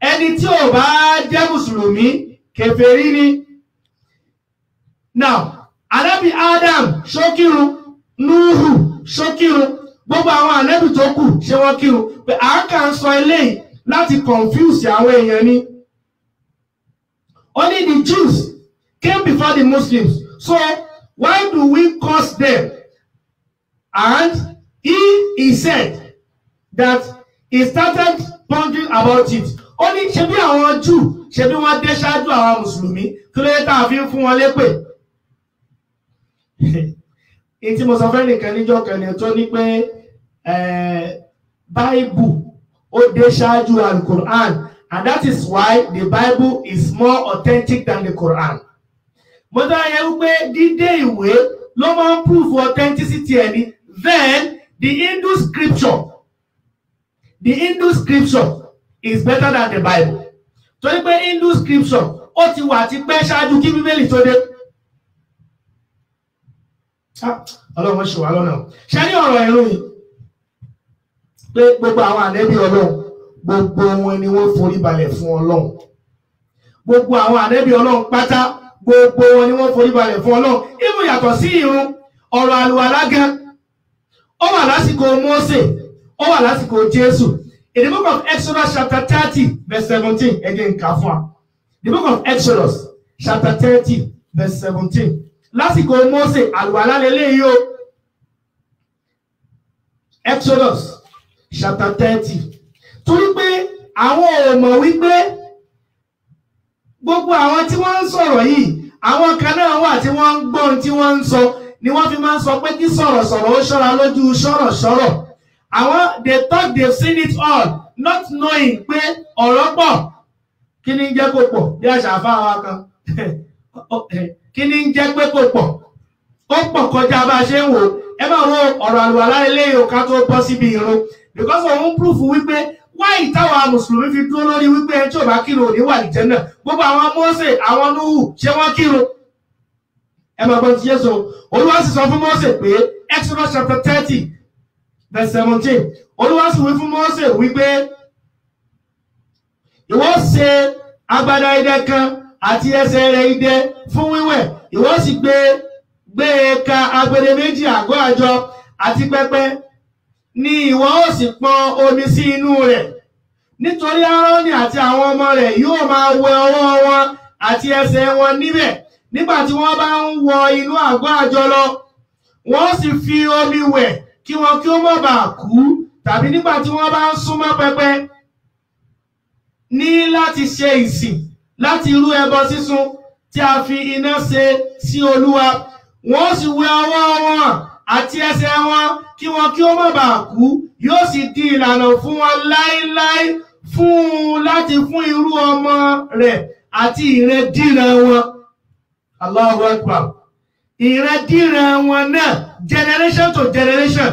ẹni tí ò bá jẹ́ mùsùlùmí kèfèrí ni now ànábì Adam ṣó Nuhu ṣó kírun gbogbo àwọn ànábì tó kù ṣé wọ́n kírun pé à ń kà ń sọ eléyìí láti confuse àwọn èèyàn ni. Only the Jews came before the Muslims. So why do we curse them? And he he said that he started pondering about it. Ó ní ṣebí àwọn Júù ṣebí wọ́n dé ṣáájú àwọn Mùsùlùmí kí ló yẹ tá a fi ń fún wọn lépè. Èyí tí mo sọ fẹ́ nìkan níjọ́ kan ni tó ní pé eh, Bible ó dé ṣáájú Quran, and that is why the Bible is more authentic than the Quran. mo dára yẹn wípé dídé ìwé ló máa ń prove authenticity ẹ̀ then the Hindu scripture the Hindu scripture is better than the Bible torí pé Hindu scripture ó ti wà ti pẹ́ ṣáájú kí bíbélì tó dé. Ah, ọlọ́run ṣe wà lọ́nà ṣe ní ọ̀rọ̀ ìròyìn pé gbogbo àwọn ànẹ́bí ọlọ́run gbogbo wọn ni wọ́n forí balẹ̀ fún ọlọ́run gbogbo àwọn ànẹ́bí ọlọ́run pátá gbogbo wọn ni wọ́n forí balẹ̀ fún ọlọ́run ibù yàtọ̀ sí irun ọ̀rọ̀ àlùwàlá gan ó wà lásìkò Mósè ó wà lásìkò Jésù in the book of Exodus chapter thirty verse seventeen again nǹka fún wa the book of Exodus chapter thirty verse seventeen lásìkò Mósè àlùwàlá lélẹ́yìí o Exodus chapter thirty torí pé àwọn ò mọ̀ wípé gbogbo àwọn tí wọ́n ń sọ̀rọ̀ yìí àwọn kan náà wà tí wọ́n ń gbọ́ ohun tí wọ́n ń sọ ni wọ́n fi máa ń sọ pé kí sọ̀rọ̀sọ̀rọ̀ ó ṣọ́ra lójú sọ̀rọ̀sọ̀rọ̀ àwọn they talk they've seen it all not knowing pé ọ̀rọ̀ pọ̀ kí ni jẹ́ kó pọ̀ bí àṣà àfáwa kan kí ni jẹ́ pé kó pọ̀ ó pọ̀ kọjá bá a ṣe ń wò ẹ máa wo ọ̀rọ̀ àlùwàlá eléyìí ká tó bọ́ síbi ìrun because òun proof wípé wáyì táwa mùsùlùmí fi dúró lórí wípé ẹni tí ò bá kírun òní wà nìjẹ́ náà gbogbo àwọn Mósè àwọn Núhù ṣé wọ́n kírun ẹ máa gbọ́ ti Jésù Olúwa sì sọ fún Mósè pé Exodus chapter thirty verse seventeen Olúwa sì wí fún Mósè wípé ìwọ ṣe agbada idẹ kan àti ẹsẹ̀ rẹ̀ idẹ fún wíwẹ̀ ìwọ sì gbé gbé e ka agbede méjì àgọ́ àjọ àti pẹpẹ ni ìwọ ó sì pọn omi sí inú rẹ̀ nítorí Áárónì àti àwọn ọmọ rẹ̀ yóò máa wẹ ọwọ́ wọn àti ẹsẹ̀ wọn níbẹ̀ nígbà tí wọ́n bá ń wọ inú àgọ́ àjọ lọ wọ́n sì fi omi wẹ̀ kí wọn kí ó má bàa kú tàbí nígbà tí wọ́n bá ń súnmọ́ pẹpẹ ní láti ṣe ìsìn láti rú ẹbọ sísun tí a fi iná ṣe sí Olúwa wọ́n sì wẹ ọwọ́ wọn àti ẹsẹ̀ wọn kí wọn kí ó má bàa kú yóò sì di ìlànà fún wọn láéláé fún un láti fún irú ọmọ rẹ̀ àti ìrẹdíran wọn Allahu Akbar ìrẹdíran wọn náà generation to generation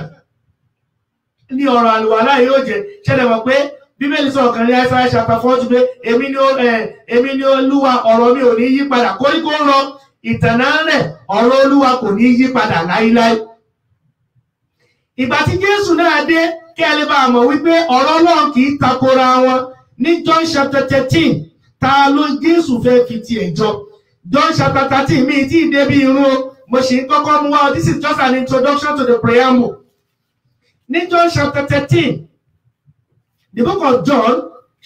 ní ọ̀rọ̀ àlùwàlá yóò jẹ́ ṣẹlẹ̀ mọ̀ pé bíbélì sọ ọ̀kan ní Isaiah chapter forty pé èmi ni èmi ni olúwa ọ̀rọ̀ mi ò ní yí padà koríko rọ ìtànà rẹ̀ ọ̀rọ̀ olúwa kò ní yí padà láíláí ìgbà tí Jésù náà dé kí ẹ lè bá mọ̀ wípé ọ̀rọ̀ Ọlọ́run kì í takora wọn ní John chapter thirteen ta ló Jésù fẹ́ fi tiẹ̀ jọ John chapter thirteen mi ti ì débi irun o mo sì ń kọ́kọ́ mú wá this is just an introduction to the preamble ní John chapter thirteen the book of John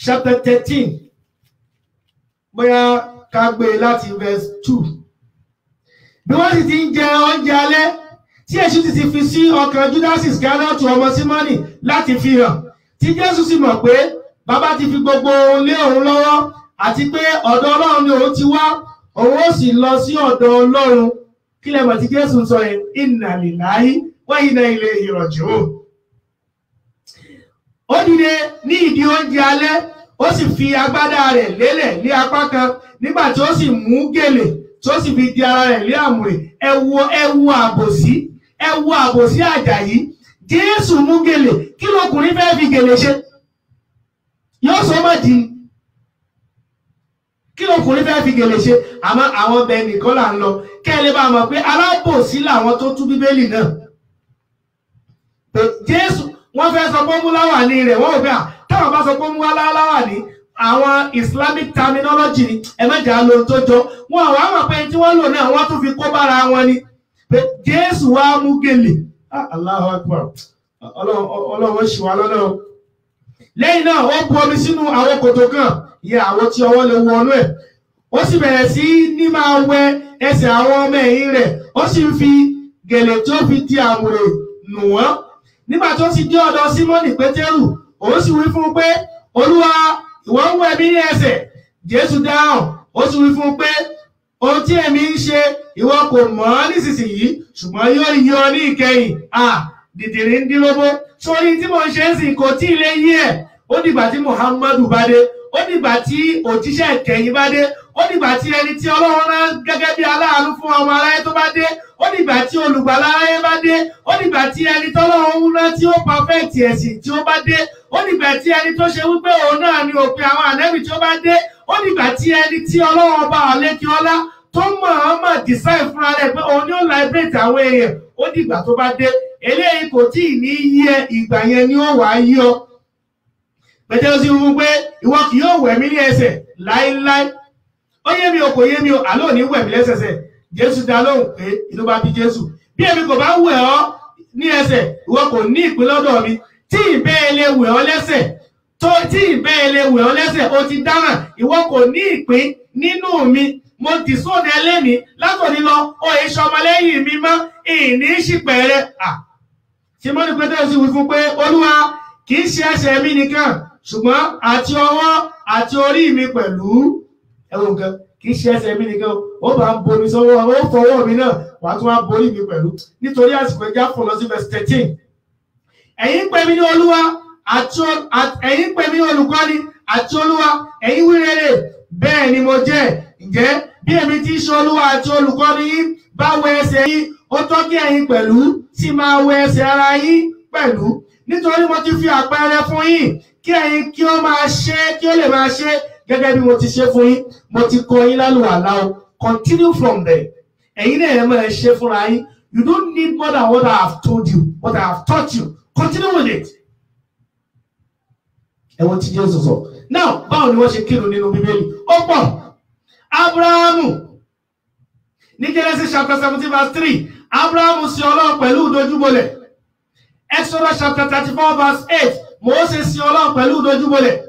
chapter thirteen bóyá ká gbé e láti verse two bí wọ́n sì ti ń jẹ oúnjẹ alẹ́ tí èṣù ti ti fi sí ọkàn Judas Iskariotu ọmọ Símọ́nì láti fi hàn tí Jésù sì mọ̀ pé bàbá ti fi gbogbo ohun lé òun lọ́wọ́ àti pé ọ̀dọ̀ Ọlọ́run ni òun ti wá òun ó sì lọ sí ọ̀dọ̀ Ọlọ́run kí lẹ mọ̀ tí Jésù sọ yẹn inna lillahi wa inna ilayhi raji'un. ó dìde ní ìdí oúnjẹ alẹ́ ó sì fi agbádá rẹ̀ lélẹ̀ ní apá kan nígbà tí ó sì mú gèlè tí ó sì fi di ara rẹ̀ lé àmùrè ẹ wo àbòsí ẹ wo àbòsí Àjàyí Jésù mú gèlè kí lọkùnrin fẹ́ fi gèlè ṣe yóò sọ mọ́ di kí lọkùnrin fẹ́ fi gèlè ṣe àmọ́ àwọn bẹ́ẹ̀ nìkan là ń lọ kẹ́ ẹ lè bá mọ̀ pé alábòsí làwọn tó tú bíbélì náà Jésù wọ́n fẹ́ sọ pé ó mú láwàní rẹ̀ wọ́n ò fẹ́ à táwọn bá sọ pé ó mú láwàní àwọn islamic terminology ni ẹ má jà lóhun tó jọ wọn àwọn àmọ̀ pé tí lò náà wọ́n tún fi kó bára wọn ni pé jésù wá mú gèlè ah, Allahu Akbar ọlọ́wọ́ ṣì wá lọ́nà lẹ́yìn náà wọ́n bu omi sínú àwọn kòtò kan ìyá àwọn tí ọwọ́ lè wọnú ẹ̀ ó sì bẹ̀rẹ̀ sí ní máa wẹ ẹsẹ̀ àwọn ọmọ ẹ̀yìn rẹ̀ ó sì ń fi gèlè tó fi di àmùrè nù wọ́n nígbà tó sì dé ọ̀dọ̀ símọ́nì pétérù òun sì wí fún un pé olúwa ìwọ ń wẹ mí ní ẹsẹ̀ jésù dáhùn ó sì wí fún un pé ohun tí ẹ̀mí ń ṣe ìwọ kò mọ̀ ọ́ nísinsìnyí ṣùgbọ́n yóò yọ ní ìkẹyìn à dìdìrín ń dín lóbó sórí tí mo ń ṣe ń sìn kò tí ì lé yí ẹ̀ ó dìgbà tí Muhammadu bá dé ó dìgbà tí òjíṣẹ́ ìkẹyìn bá dé ó dìgbà tí ẹni tí Ọlọ́run rán gẹ́gẹ́ bí aláàánú fún ọmọ aráyé tó bá dé ó dìgbà tí olùgbàlà aráyé bá dé ó dìgbà tí ẹni tọ́lọ́run rán tí ó pàfẹ́ẹ̀tì ẹ̀sìn tí ó bá dé ó dìgbà tí ẹni tó ṣe wípé òun náà ni òpin àwọn ànẹ́bì tí ó bá dé ó dìgbà tí ẹni tí Ọlọ́run bá ọ̀lẹ́kí ọlá tó mọ̀ọ́mọ̀ design fúnra rẹ̀ pé òun ni ó liberate àwọn èèyàn ó dìgbà tó bá dé eléyìí kò tí ì ní yí ẹ ìgbà yẹn ni ó wà á yí ọ pẹ̀tẹ́ ó sì wú pé ìwọ kì yóò wẹ̀ mí ní ẹsẹ̀ láéláé ó yé mi o kò yé mi o àlọ́ òní wẹ̀ mí lẹ́sẹ̀sẹ̀ Jésù dá lóhùn pé inú bá bí Jésù bí èmi kò bá wẹ̀ ọ́ ní ẹsẹ̀ ìwọ kò ní ìpín lọ́dọ̀ mi tí ìbẹ́ ẹlẹ́ wẹ̀ ọ́ lẹ́sẹ̀ tó tí ìbẹ́ ẹlẹ́ wẹ̀ ọ́ lẹ́sẹ̀ ó ti dáràn ìwọ kò ní ìpín nínú mi mo ti sóde ẹlẹ́mìí látòní lọ ọ èso ọmọlẹ́yìn mi mọ́ ìní ṣìpẹ̀ rẹ̀ à tí mo ní pété sí wí fún pé olúwa kì í ṣe ẹsẹ̀ mi nìkan ṣùgbọ́n àti ọwọ́ àti orí mi pẹ̀lú ẹ̀rọ nǹkan kì í ṣe ẹsẹ̀ mi nìkan ó bá ń bomi sọ́wọ́ ó fọwọ́ mi náà wà á tún wá borí mi pẹ̀lú nítorí àsìkò ẹja fún lọ sí verse thirteen ẹ̀yin pè mí ní olúwa àti ẹ̀yin pè mí olùkọ́ni àti olúwa ẹ̀yin wí bẹ́ẹ̀ ni mo jẹ́ ǹjẹ́ bí èmi tí í ṣe olúwa àti olùkọ́ ni yín bá wẹ ẹsẹ̀ yín ó tọ́ kí ẹ̀yin pẹ̀lú sì máa wẹ ẹsẹ̀ ara yín pẹ̀lú nítorí mo ti fi àpẹẹrẹ fún yín kí ẹ̀yin kí ó máa ṣe kí ó lè máa ṣe gẹ́gẹ́ bí mo ti ṣe fún yín mo ti kọ́ yín lálùwàlá o continue from there ẹ̀yin náà ẹ̀ máa ṣe fúnra yín you don't need more than what I have told you what I have taught you continue with it ẹ̀wọ̀n tí Jésù sọ now báwo ni wọ́n ṣe kírun nínú Bíbélì ó pọ̀ abrahamu ní genesis chapter seventeen verse three abrahamu sin ọlọ́run pẹ̀lú ìdojúbolẹ̀ exodus chapter thirty four verse eight Moses sin ọlọ́run pẹ̀lú ìdojúbolẹ̀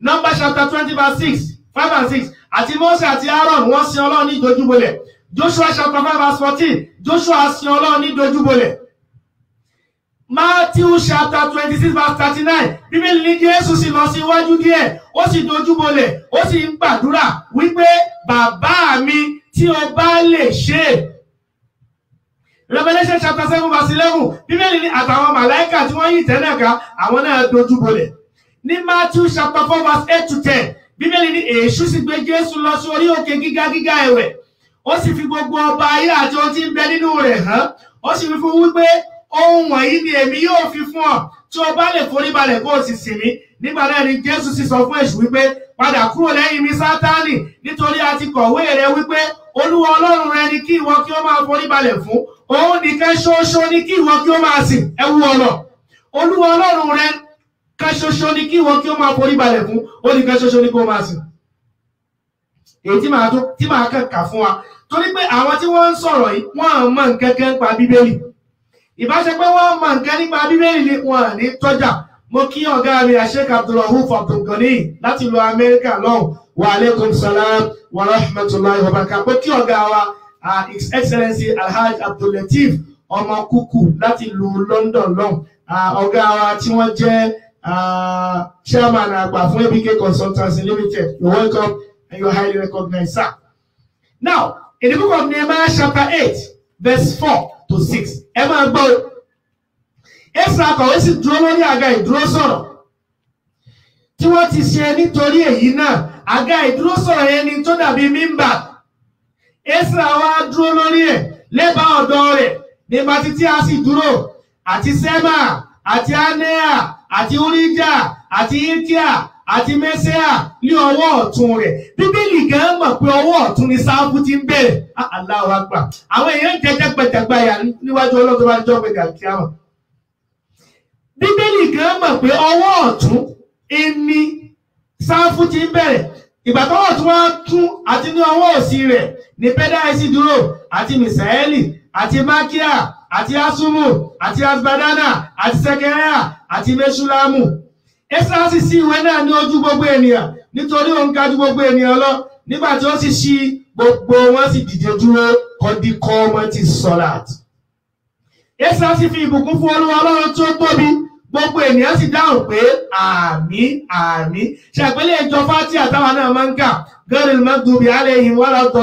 number chapter twenty verse six five and six àti Moses àti aaron wọ́n sin ọlọ́run ní ìdojúbolẹ̀ joshua chapter five verse fourteen joshua sin ọlọ́run ní ìdojúbolẹ̀ Matthew chapter twenty six verse thirty nine bíbélì ní Jésù sì lọ síwájú díẹ̀ ó sì dojúbolẹ̀ ó sì ń gbàdúrà wípé bàbá mi tí o bá lè ṣe Revelation chapter seven verse eleven bíbélì ní àtàwọn màláìkà tí wọ́n yìn tẹ́lẹ̀ ká àwọn náà dojúbolẹ̀ ní Matthew chapter four verse eight to ten bíbélì ní èṣù sì gbé Jésù lọ sí orí òkè gíga gíga ẹ̀wẹ̀ ó sì fi gbogbo ọba ayé àti ohun tí ń bẹ nínú rẹ̀ hàn ó sì fi fún wípé ohun wọ̀nyí ni èmi yóò fi fún ọ tí o bá lè foríbalẹ̀ kó o sì sìn nígbà náà ni jésù sì sọ fún èṣù wípé padà kúrò lẹ́yìn mi sátánì nítorí a ti kọ̀wé rẹ wípé olúwa ọlọ́run rẹ ni kí ìwọ kí ó máa foríbalẹ̀ fún òun nìkan ṣoṣo ni kí ìwọ kí ó máa sìn ẹ wú ọ̀rọ̀ olúwa ọlọ́run rẹ kan ṣoṣo ni kí ìwọ kí ó máa foríbalẹ̀ fún òun nìkan ṣoṣo ni kí ó máa sìn èyí tí màá tó tí màá kàn kà fún wa torí pé àwọn tí wọ́n ń sọ̀rọ̀ yìí wọ́n mọ̀ nǹkan kan pa bíbélì ìbáṣepẹ́ wọ́n mọ̀ nǹkan nípa bíbélì wọn ní tọ́jà mo kí ọ̀gá mi àṣekà Abdulrauf Abdulgani láti lu Amẹ́ríkà lọ́hùn wa aleykum salam wa rahmatulahi wa barakatuh mo kí ọ̀gá wa ah, his excellency alhaj abdullateef ọmọ kúkú láti lu London lọ́hùn ah, ọ̀gá wa tí wọ́n jẹ́ ah, chairman àgbà fún abk consultancy limited you are welcome and you are highly recognized sir. now in the book of Nehemiah chapter eight verse four to six ẹ máa gbọ́ o Ẹ́sírà akọ̀wé sì dúró lórí àga ìdúró sọ̀rọ̀ tí wọ́n ti ṣe nítorí èyí náà àga ìdúró sọ̀rọ̀ yẹn ni tó dàbí mímbà Ẹ́sírà wá dúró lórí ẹ̀ lẹ́bàá ọ̀dọ́ rẹ̀ nígbà títí a sì dúró àti sẹ́mà àti anea àti urijah àti ikia àti mẹ́síà ní ọwọ́ ọ̀tún rẹ̀ bíbélì gan mọ̀ pé ọwọ́ ọ̀tún ni sáfù ti ń bẹ̀rẹ̀ ah, Allahu Akbar àwọn èèyàn jẹjẹ gbẹdẹgbẹyà níwájú ọlọ́dún bá ń jọ́ gbẹdẹ àti àmọ̀ bíbélì gan mọ̀ pé ọwọ́ ọ̀tún ẹni sáfù ti ń bẹ̀rẹ̀ ìgbà tọwọ́ ọ̀tún wá tún àti ní ọwọ́ òsì rẹ̀ ní pẹ́dáìsì dúró àti mìsẹ́ẹ̀lì àti mákíà àti asumu àti asbadana àti sẹkẹrẹ́à àti mẹ́súlámù Esra sì ṣí ìwé náà ní ojú gbogbo ènìyàn nítorí òun kájú gbogbo ènìyàn lọ nígbà tí ó sì ṣí gbogbo wọn sì dìde dúró kọdí wọn ti sọ̀làt. Esra sì fi ìbùkún fún olúwa ọlọ́run tó tóbi gbogbo ènìyàn sì dáhùn pé àmín àmín ṣàpẹlẹ ìjọ fati àtàwọn náà máa ń kà gẹrẹ mẹgbùbí alẹ yìí wọn lọ tọ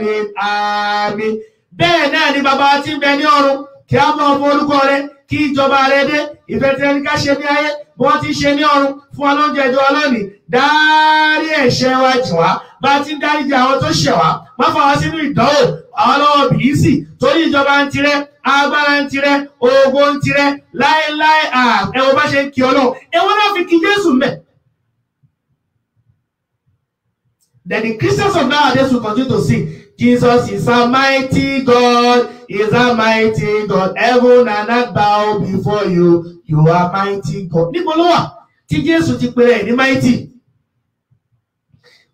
ní àmín bẹ́ẹ̀ náà ni bàbá ti bẹ ní ọ̀run kí a máa fọ orúkọ rẹ kí ìjọba rẹ dé ìfẹ́ tí ẹni ká ṣe ní ayé bí wọ́n ti ṣe ní ọ̀run fún wa lóúnjẹ ìjọ wa lónìí dárí ẹ̀ṣẹ̀ wa jì wá bá ti ń dáríjì àwọn tó ṣẹ̀ wá má fà wá sínú ìdánwò àwọn lọ́wọ́ bìísì torí ìjọba ń tirẹ̀ agbára ń tirẹ̀ ògo ń tirẹ̀ láéláé ẹ̀wọ̀n bá ṣe ń kí ọlọ́run ẹ̀wọ̀n náà fi kí Jésù mẹ́. Then the Christians of nowadays will continue to sing Jesus is a mighty God, is a mighty God. Heaven and earth bow before you. You are mighty God. Níbo ló wà tí Jésù ti pèrè ní mighty?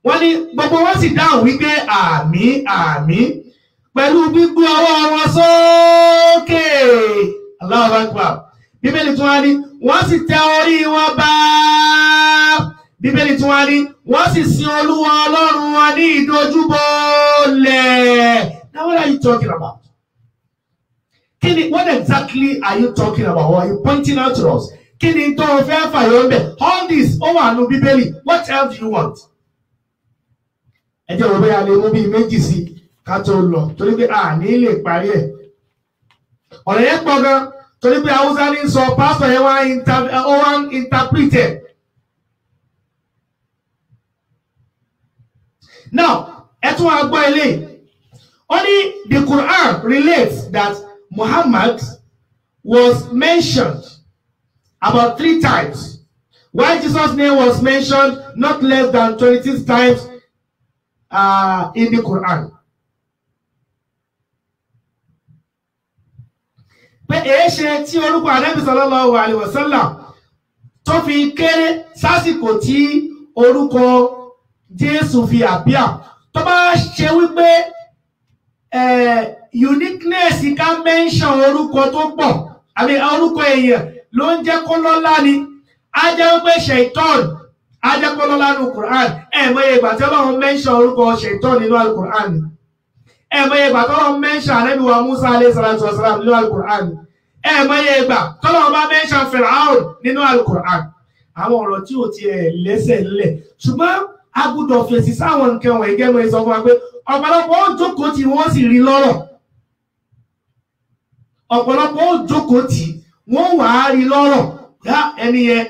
Wọ́n ní gbogbo wọn sì dáhùn wípé àmì àmì pẹ̀lú gbígbó ọwọ́ wọn sókè. Aláwọ̀ bá ń pa. Bíbélì tún wá ní wọ́n sì tẹ orí wọn báá bíbélì tí wọ́n ní wọ́n sì sin olúwa ọlọ́run wa ní ìdojúbọ lẹ̀ now what are you talking about kí what exactly are you talking about or are you pointing out to us kí tó o fẹ́ fàyọ̀ ń bẹ̀ all this ó wà nù bíbélì what else do you want ẹ jẹ́ òwe alẹ́ mú bíi méjì sí ká tó lọ torí pé àní lè parí ẹ̀ ọ̀rọ̀ yẹn pọ̀ gan torí pé haúsá ní sọ pásítọ̀ yẹn wá ń interpret ẹ̀. now ẹ tún wá gbọ́ eléyìí ó ní the Quran relates that Muhammad was mentioned about three times while Jesus' name was mentioned not less than twenty-six times uh, in the Quran. pé èéṣe tí orúkọ Ànábì sallallahu alaihi wasallam tó fi kéré sásìkò tí orúkọ jésù fi àbíà tó bá ṣe wípé uniqueness ká mention orúkọ tó pọ̀ àbí orúkọ èèyàn ló ń jẹ́ kó lọ́lá ni á jẹ́ wípé ṣèitọ́n á jẹ́ kó lọ́lá nínú quran ẹ̀ mọ iye ìgbà tí ọlọ́run mention orúkọ ṣèitọ́n nínú alukur'an ẹ̀ mọ iye ìgbà tí ọlọ́run mention ànábìwá musa alayhi salatu wa salam nínú alukur'an ẹ̀ mọ iye ìgbà tí ọlọ́run bá mention firaun nínú alukur'an àwọn ọ̀rọ̀ tí ò tiẹ̀ lẹ́sẹ̀ ńlẹ̀ ṣùgbọ́n a gbúdọ̀ fèsì sáwọn nǹkan wọ̀nyí gẹ́gẹ́ bí sọ fún wa pé ọ̀pọ̀lọpọ̀ ó jókòó tí wọ́n sì rí lọ́rọ̀ ọ̀pọ̀lọpọ̀ ó jókòó tí wọ́n wà á rí lọ́rọ̀ yá ẹni yẹn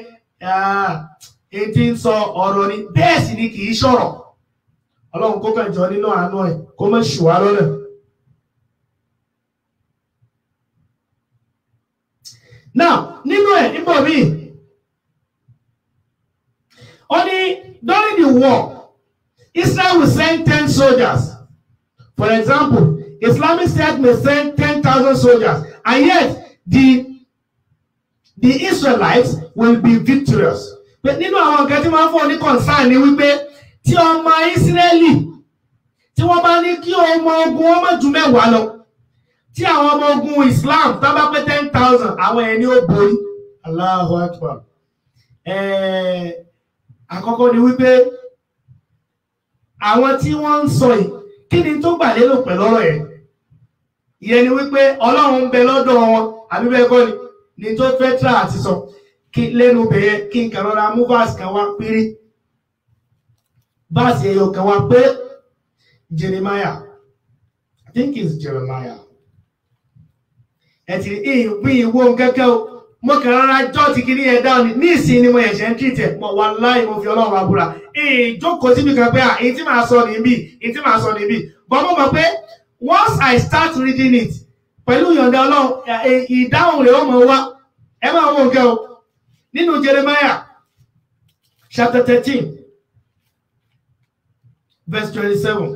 ètí ń sọ ọ̀rọ̀ ni bẹ́ẹ̀ sì ni kì í sọ̀rọ̀ ọlọ́run kó kàn jọ nínú àánú ẹ̀ kó mọ̀ ṣù wá lọ́rẹ̀. now nínú ẹ̀ nígbà míì ó ní. During the war, Israel will send ten soldiers. For example, Islamic State may send ten thousand soldiers, and yet the, the Israelites will be victorious. Nínú àwọn nǹkan tí wọ́n fún ní concern ni wípé tí ọmọ Ísírẹ́lì tí wọ́n bá ní kí ọmọ ogun wọn má mẹ́wàá lọ tí àwọn ọmọ ogun Islam tó bá pé ten thousand àwọn ẹni ó borí. Allahu Akbar àkọ́kọ́ ni wípé àwọn tí wọ́n ń sọ yìí kí ni tó gbà lérò pẹ̀lú ọ̀rọ̀ yẹn ìyẹn ni wípé ọlọ́run ń bẹ lọ́dọ̀ wọn àbí bẹ́ẹ̀ kọ́ ni tó fẹ́ tíra àti sọ kí lẹ́nu bẹ̀yẹ kí n kàn rọra mú báàsì kan wá péré báàsì ẹyọ kan wá pé Jeremiah I think it's Jeremiah ẹ ti ìwé ìwó kẹ́kẹ́ o mo kàn rárá jọ́ ti kiri ẹ̀ dáhùn ní ìsìn ni mo ẹ̀ṣẹ̀ ń tìtẹ̀ mọ̀ wá láì mo fi ọlọ́run àbúrà ìjókòó síbi kan pé èyí tí màá sọ níbí èyí tí màá sọ níbí bọ́ mo mọ̀ pé once I start reading it pẹ̀lú ìyọ̀ǹda ọlọ́run ìdáhùn rẹ̀ ó mọ̀ wá ẹ máa wọ òkè o nínú Jeremiah chapter thirteen verse twenty-seven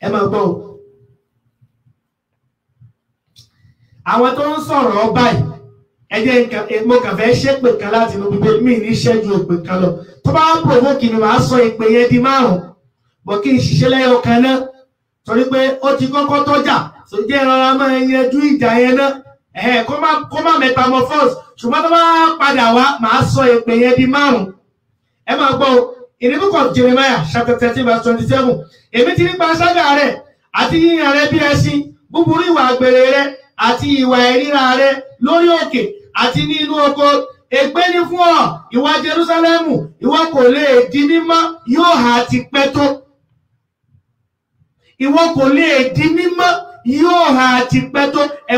ẹ máa gbọ́ o. àwọn tó ń sọ̀rọ̀ báyìí ẹjẹ́ mo kàn fẹ́ ṣépè kan láti inú gbogbo mi ní ṣẹ́jú èpè kan lọ tó bá ń provoke ni màá sọ èpè yẹn di márùn bọ̀ kí n ṣiṣẹ́ lẹ́yọ kan náà torí pé ó ti kọ́kọ́ tọ́jà tó jẹ́ ìrora máa yanjú ìjà yẹn náà ẹ̀hẹ́ kó má metamorphose ṣùgbọ́n tó bá padà wá màá sọ èpè yẹn di márùn ẹ máa gbọ́ in the book of Jeremiah chapter thirteen verse twenty-seven èmi ti nípa ṣágà rẹ̀ àti yíyan rẹ̀ bí ẹṣin búburú ìwà àgbèrè rẹ̀ àti ìwà ìríra rẹ lórí òkè àti ní inú oko ègbé ní fún ọ ìwà Jerúsálẹ́mù ìwọ kò lè di mímọ yóò hà ti pẹ tó ìwọ kò ti pẹ́ tó ẹ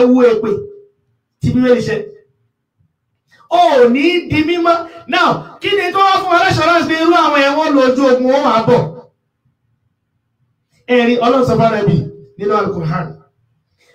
wo ní di mímọ náà kí ni tó wá fún aláṣọ́ránsì irú àwọn lójú ogun ó bọ̀ ẹ̀rí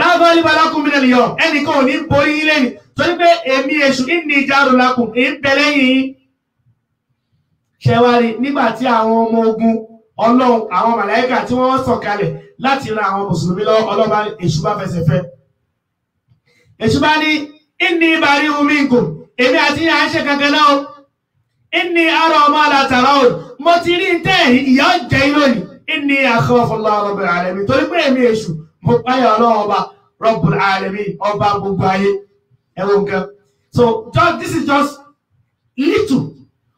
lágbọ́n yíba lákùn mi nàlẹ́ yọ ẹnìkan ò ní borí yín lẹ́yìn torí pé èmi èṣù ìní ìjárò lákùn èyí ń bẹ lẹ́yìn yín. ṣẹwari nígbà tí àwọn ọmọ ogun ọlọ́run àwọn màláíkà tí wọ́n sọ̀kalẹ̀ láti ran àwọn mùsùlùmí lọ ọlọ́ba èṣù bá fẹsẹ̀ fẹ́. èṣù bá ní ìní ìbàrí omi nkò èmi àti ìyá ń ṣe kankan náà ìní àrò ọmọ àlàtàrà ò mo ti rí tẹ́ ìyá ọ̀jẹ̀ ìlónìí mo páyà ọlọ́run ọba Rabbul ọba gbogbo so this is just little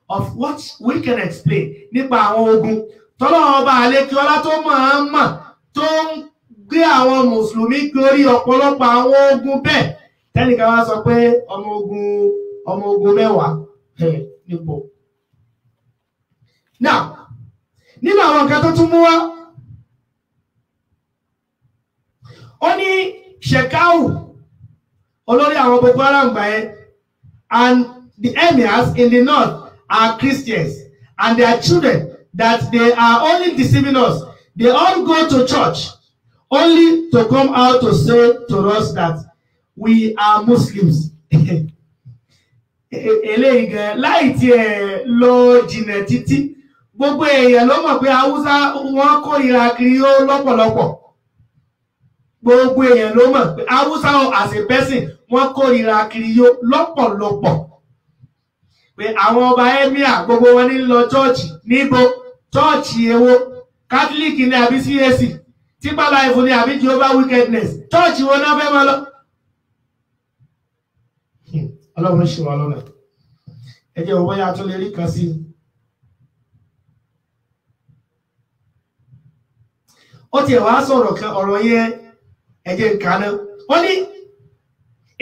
of what we can explain nípa àwọn ogun ọba Alekiola tó máa ń mọ̀ tó ń gbé àwọn mùsùlùmí gorí ọ̀pọ̀lọpọ̀ àwọn ogun bẹ́ẹ̀ tẹ́nìkan wá sọ pé ọmọ ogun ọmọ ogun mẹ́wàá nípò. ó ní shekau olórí àwọn Boko Haram gbà yẹn and the emirs in the north are Christians and their children that they are only deceiving us they all go to church only to come out to say to us that we are Muslims. eléyìí gan láì tiẹ̀ lọ jìnnà títí gbogbo èèyàn ló mọ̀ pé haúsá wọn kórìíra kiri ó lọ́pọ̀lọpọ̀ gbogbo èèyàn ló mọ̀ pé haúsá as a person wọ́n kórìíra Kiriyó lọ́pọ̀lọpọ̀ pé àwọn ọba emir gbogbo wọn ní lọ chọ́ọ̀chì níbo chọ́ọ̀chì èwo kátólíìkì ni àbí CAC tipa life ni àbí Jehovah wickedness chọ́ọ̀chì wọn náà fẹ́ máa lọ. ọlọ́run ṣe wà lọ́nà ẹ jẹ́ owó yàtọ̀ lè rí kan sí i. ó tiẹ̀ wá sọ̀rọ̀ kan ọ̀rọ̀ yẹn ẹ̀jẹ̀ nǹkan náà wọ́n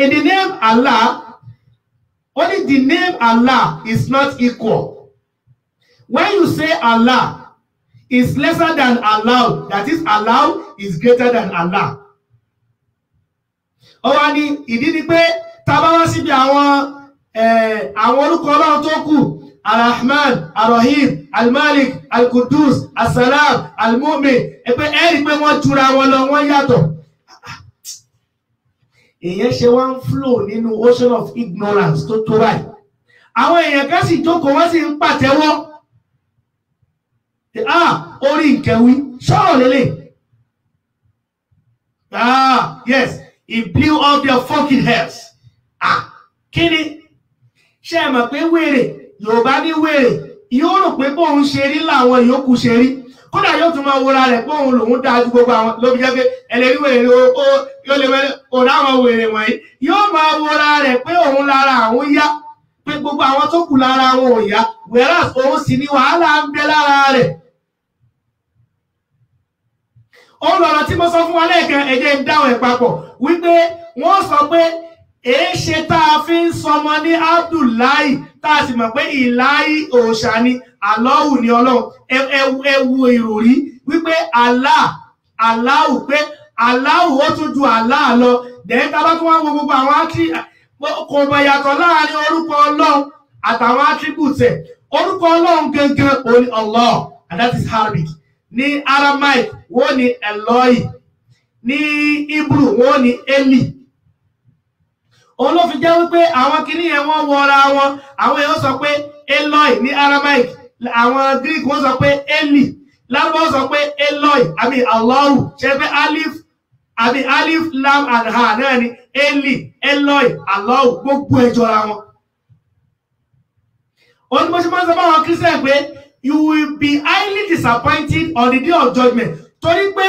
in the name Allah Only the name Allah is not equal when you say Allah is lesser than Allah that is Allah is greater than Allah ó wá ní ìdí ni pé tá a bá wá síbi àwọn àwọn orúkọ ọlọ́run tó kù arahman arahim almalik alkudus asalam almumin ẹgbẹ ẹrí pé wọ́n jura wọn lọ wọ́n yàtọ̀ èèyàn ṣe wá ń flow nínú ocean of ignorance tó tó báyìí àwọn èèyàn kan sì jókòó wọ́n sì ń pàtẹ́wọ́ ah orí nkẹwí sọ̀rọ̀ lélẹ̀ ah yes he blew out their fucking heads ah kí ni ṣe é mọ̀ pé wèrè Yorùbá ní wèrè yóò rò pé bóun ṣe rí làwọn yòókù ṣe rí kódà yóò tún máa wúra rẹ̀ póun lòun dáa ju gbogbo àwọn lóbi jẹ́ pé ẹlẹ́rí wèrè o yóò lè wẹ́rẹ́ kò dáwọn wèrè wọ̀nyí yóò máa wúra rẹ̀ pé òun lára àwọn yá pé gbogbo àwọn tó kù lára wọn ò yá wẹ́rà òun sì ni wàhálà ń bẹ lára rẹ̀. ó lọ̀rọ̀ tí mo sọ fún wa lẹ́ẹ̀kan ẹ̀jẹ̀ ń dáhùn ẹ̀ papọ̀ wípé wọ́n sọ pé èé ṣe tá a fi ń sọmọ ní Abdullahi tá a sì mọ̀ pé ìláyí òòṣà ni àlọ́hù ni ọlọ́run ẹ wo ìròrí wípé Allah Allahu pé Allahu ó tún ju Allah lọ dẹ́ẹ́ta bá tún wá wo gbogbo àwọn àti kò mọ̀ yàtọ̀ láàrin orúkọ ọlọ́run àtàwọn attributes ẹ̀ orúkọ ọlọ́run gangan ó ní Allah and that is Arabic ní Aramaic wọ́n ní Eloi ní Hebrew wọ́n ní Eli òun ló fi jẹ́ wípé àwọn kìíní yẹn wọ́n wọra wọn àwọn èèyàn sọ pé Eloi ní Aramaic àwọn Greek wọ́n sọ pé Eli lárúbọ́ sọ pé Eloi àbí Allahu ṣe pé alif àbí alif lam and ha náà ni Eli Eloi Allahu gbogbo ẹ̀ jọra wọn. ó ní bó máa ń sọ fáwọn Christian pé you will be highly disappointed on the day of judgment torí pé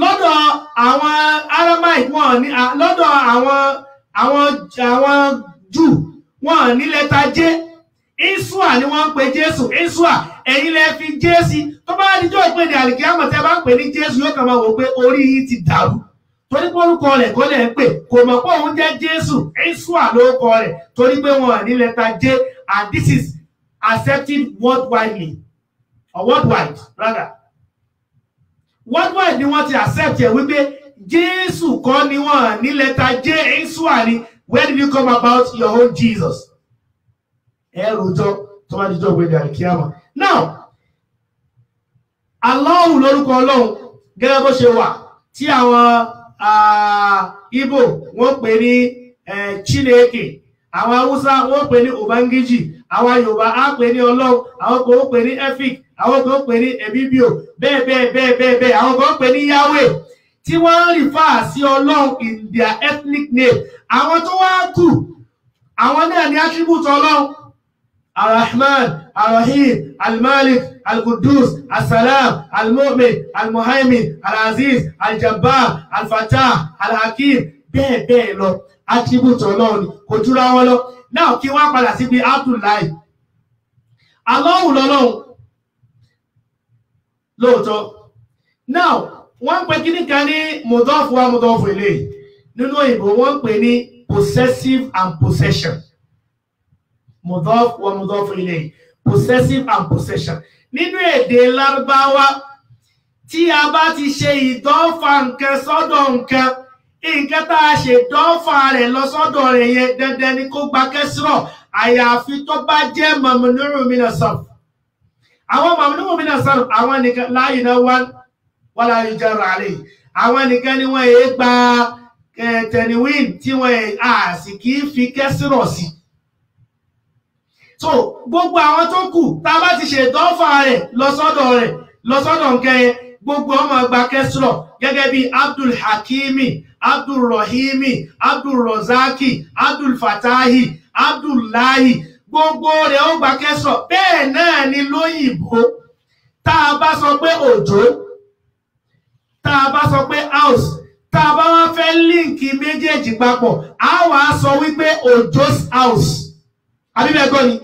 lọ́dọ̀ àwọn Aramaic wọn ni lọ́dọ̀ àwọn àwọn àwọn jù wọn ní lẹ́tà jẹ́ isua ni wọ́n ń pe jésù isua ẹ̀yin lẹ fi jésì tó bá díjọ́ ìpè ní àlìkí àmọ̀ tẹ́ bá ń pè ní jésù yóò kàn máa wò pé orí yìí ti dàrú torí pé orúkọ rẹ̀ kọ́ lẹ̀ ń pè kò mọ̀ pé òun jẹ́ jésù isua ló kọ rẹ̀ torí pé wọn ní lẹ́tà jẹ́ and this is accepted worldwide. or worldwide rather worldwide ni wọ́n ti accept ẹ̀ wípé Jésù kọ́ ni wọ́n ní lẹ́tà J ìṣúà ni where did you come about your own Jesus? ẹ rojọ́ tó bá jíjọ́ gbẹ̀dẹ̀ àkíyàmà now Allahu lórúkọ Ọlọ́run gẹ́gẹ́ bó ṣe wà tí àwọn Igbo wọ́n pè ní Chineke àwọn Haúsá wọ́n pè ní Ubangiji àwọn Yorùbá á pè ní Ọlọ́run àwọn kan ó pè ní Efik àwọn kan ó pè ní Ebibio bẹ́ẹ̀ bẹ́ẹ̀ bẹ́ẹ̀ bẹ́ẹ̀ àwọn kan ó pè ní Yahweh tí wọ́n ń rìfà sí ọlọ́run in their ethnic name àwọn tó wá kù àwọn náà ní attribute ọlọ́run arahman arahim almalik alqudus asalam almu'min almuhaimin alaziz aljabbar alfatah alhakim bẹ́ẹ̀ bẹ́ẹ̀ lọ attribute ọlọ́run kò júra wọn lọ náà kí wọ́n padà síbi abdullahi alọ́hùn lọ́lọ́hùn lóòótọ́ now wọ́n ń pè kíní kan ní mọ̀dọ́fù wa mọ̀dọ́fù ilé nínú òyìnbó wọ́n ń pè ní possessive and possession mọ̀dọ́fù wa mọ̀dọ́fù ilé possessive and possession nínú èdè lárúbáwá tí a bá ti ṣe ìdọ́fà nǹkan sọ́dọ̀ nǹkan nǹkan tá a ṣe dọ́fà rẹ̀ lọ sọ́dọ̀ rẹ̀ yẹn dandan ni kó gba kẹsìrọ̀ àyàfi tó bá jẹ́ mọ̀mọ́nìrún mi nà sọ̀rọ̀ àwọn mọ̀mọ́nìrún mi nà sọ̀rọ̀ àwọn nìkan láàyè náà wá wọ́n láyé jẹ́ ràlẹ́ àwọn nìkan ni wọ́n èé gba tẹ̀níwìn tí wọ́n à sì kì í fi kẹ́sìrọ̀ sí. so gbogbo àwọn tó kù tá a bá ti ṣètọ́fà rẹ̀ lọ́sọ́dọ̀ rẹ̀ lọ́sọ́dọ̀ nǹkan yẹn gbogbo ọmọ gba kẹ́sìrọ̀ gẹ́gẹ́ bí Abdul Hakimi Abdul Rahimi Abdul Rozaki Abdul Fatahi Abdul Lahi gbogbo rẹ̀ ó gba kẹ́sìrọ̀ bẹ́ẹ̀ náà ni lóyìnbó tá a bá sọ pé òjò tá a bá sọ pé house tá a bá wá fẹ́ líǹkì méjèèjì papọ̀ a wà á sọ wípé Òjò's house àbí bẹ́ẹ̀ gbọ́ ni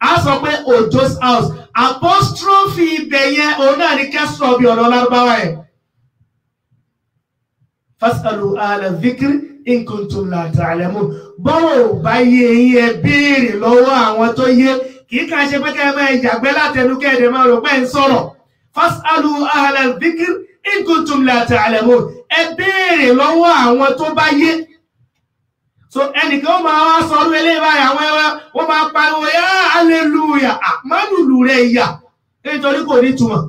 a sọ pé Òjò's house apostrophe ibẹ̀ yẹn òun náà ní kẹ́sọ̀ bí ọ̀dọ̀ lárúbáwá yẹn. fasalu ala zikri in kuntum la ta'lamun bọ́wọ̀ ò bá yé eyín ẹ béèrè lọ́wọ́ àwọn tó yé kì í kàn ṣe pé kẹ́ ẹ máa jàgbẹ́ látẹnu kẹ́ máa rò pé ń sọ̀rọ̀ fasalu ala zikri ìkùntùm làtà àlẹ̀mọ́ ẹ béèrè lọ́wọ́ àwọn tó bá yé so ẹnìkan máa wá sọ ọdún eléyìí báyìí àwọn ẹwà wọ́n máa pariwo yá hallelujah àmọ́lùlù rẹ̀ yà nítorí kò ní túmọ̀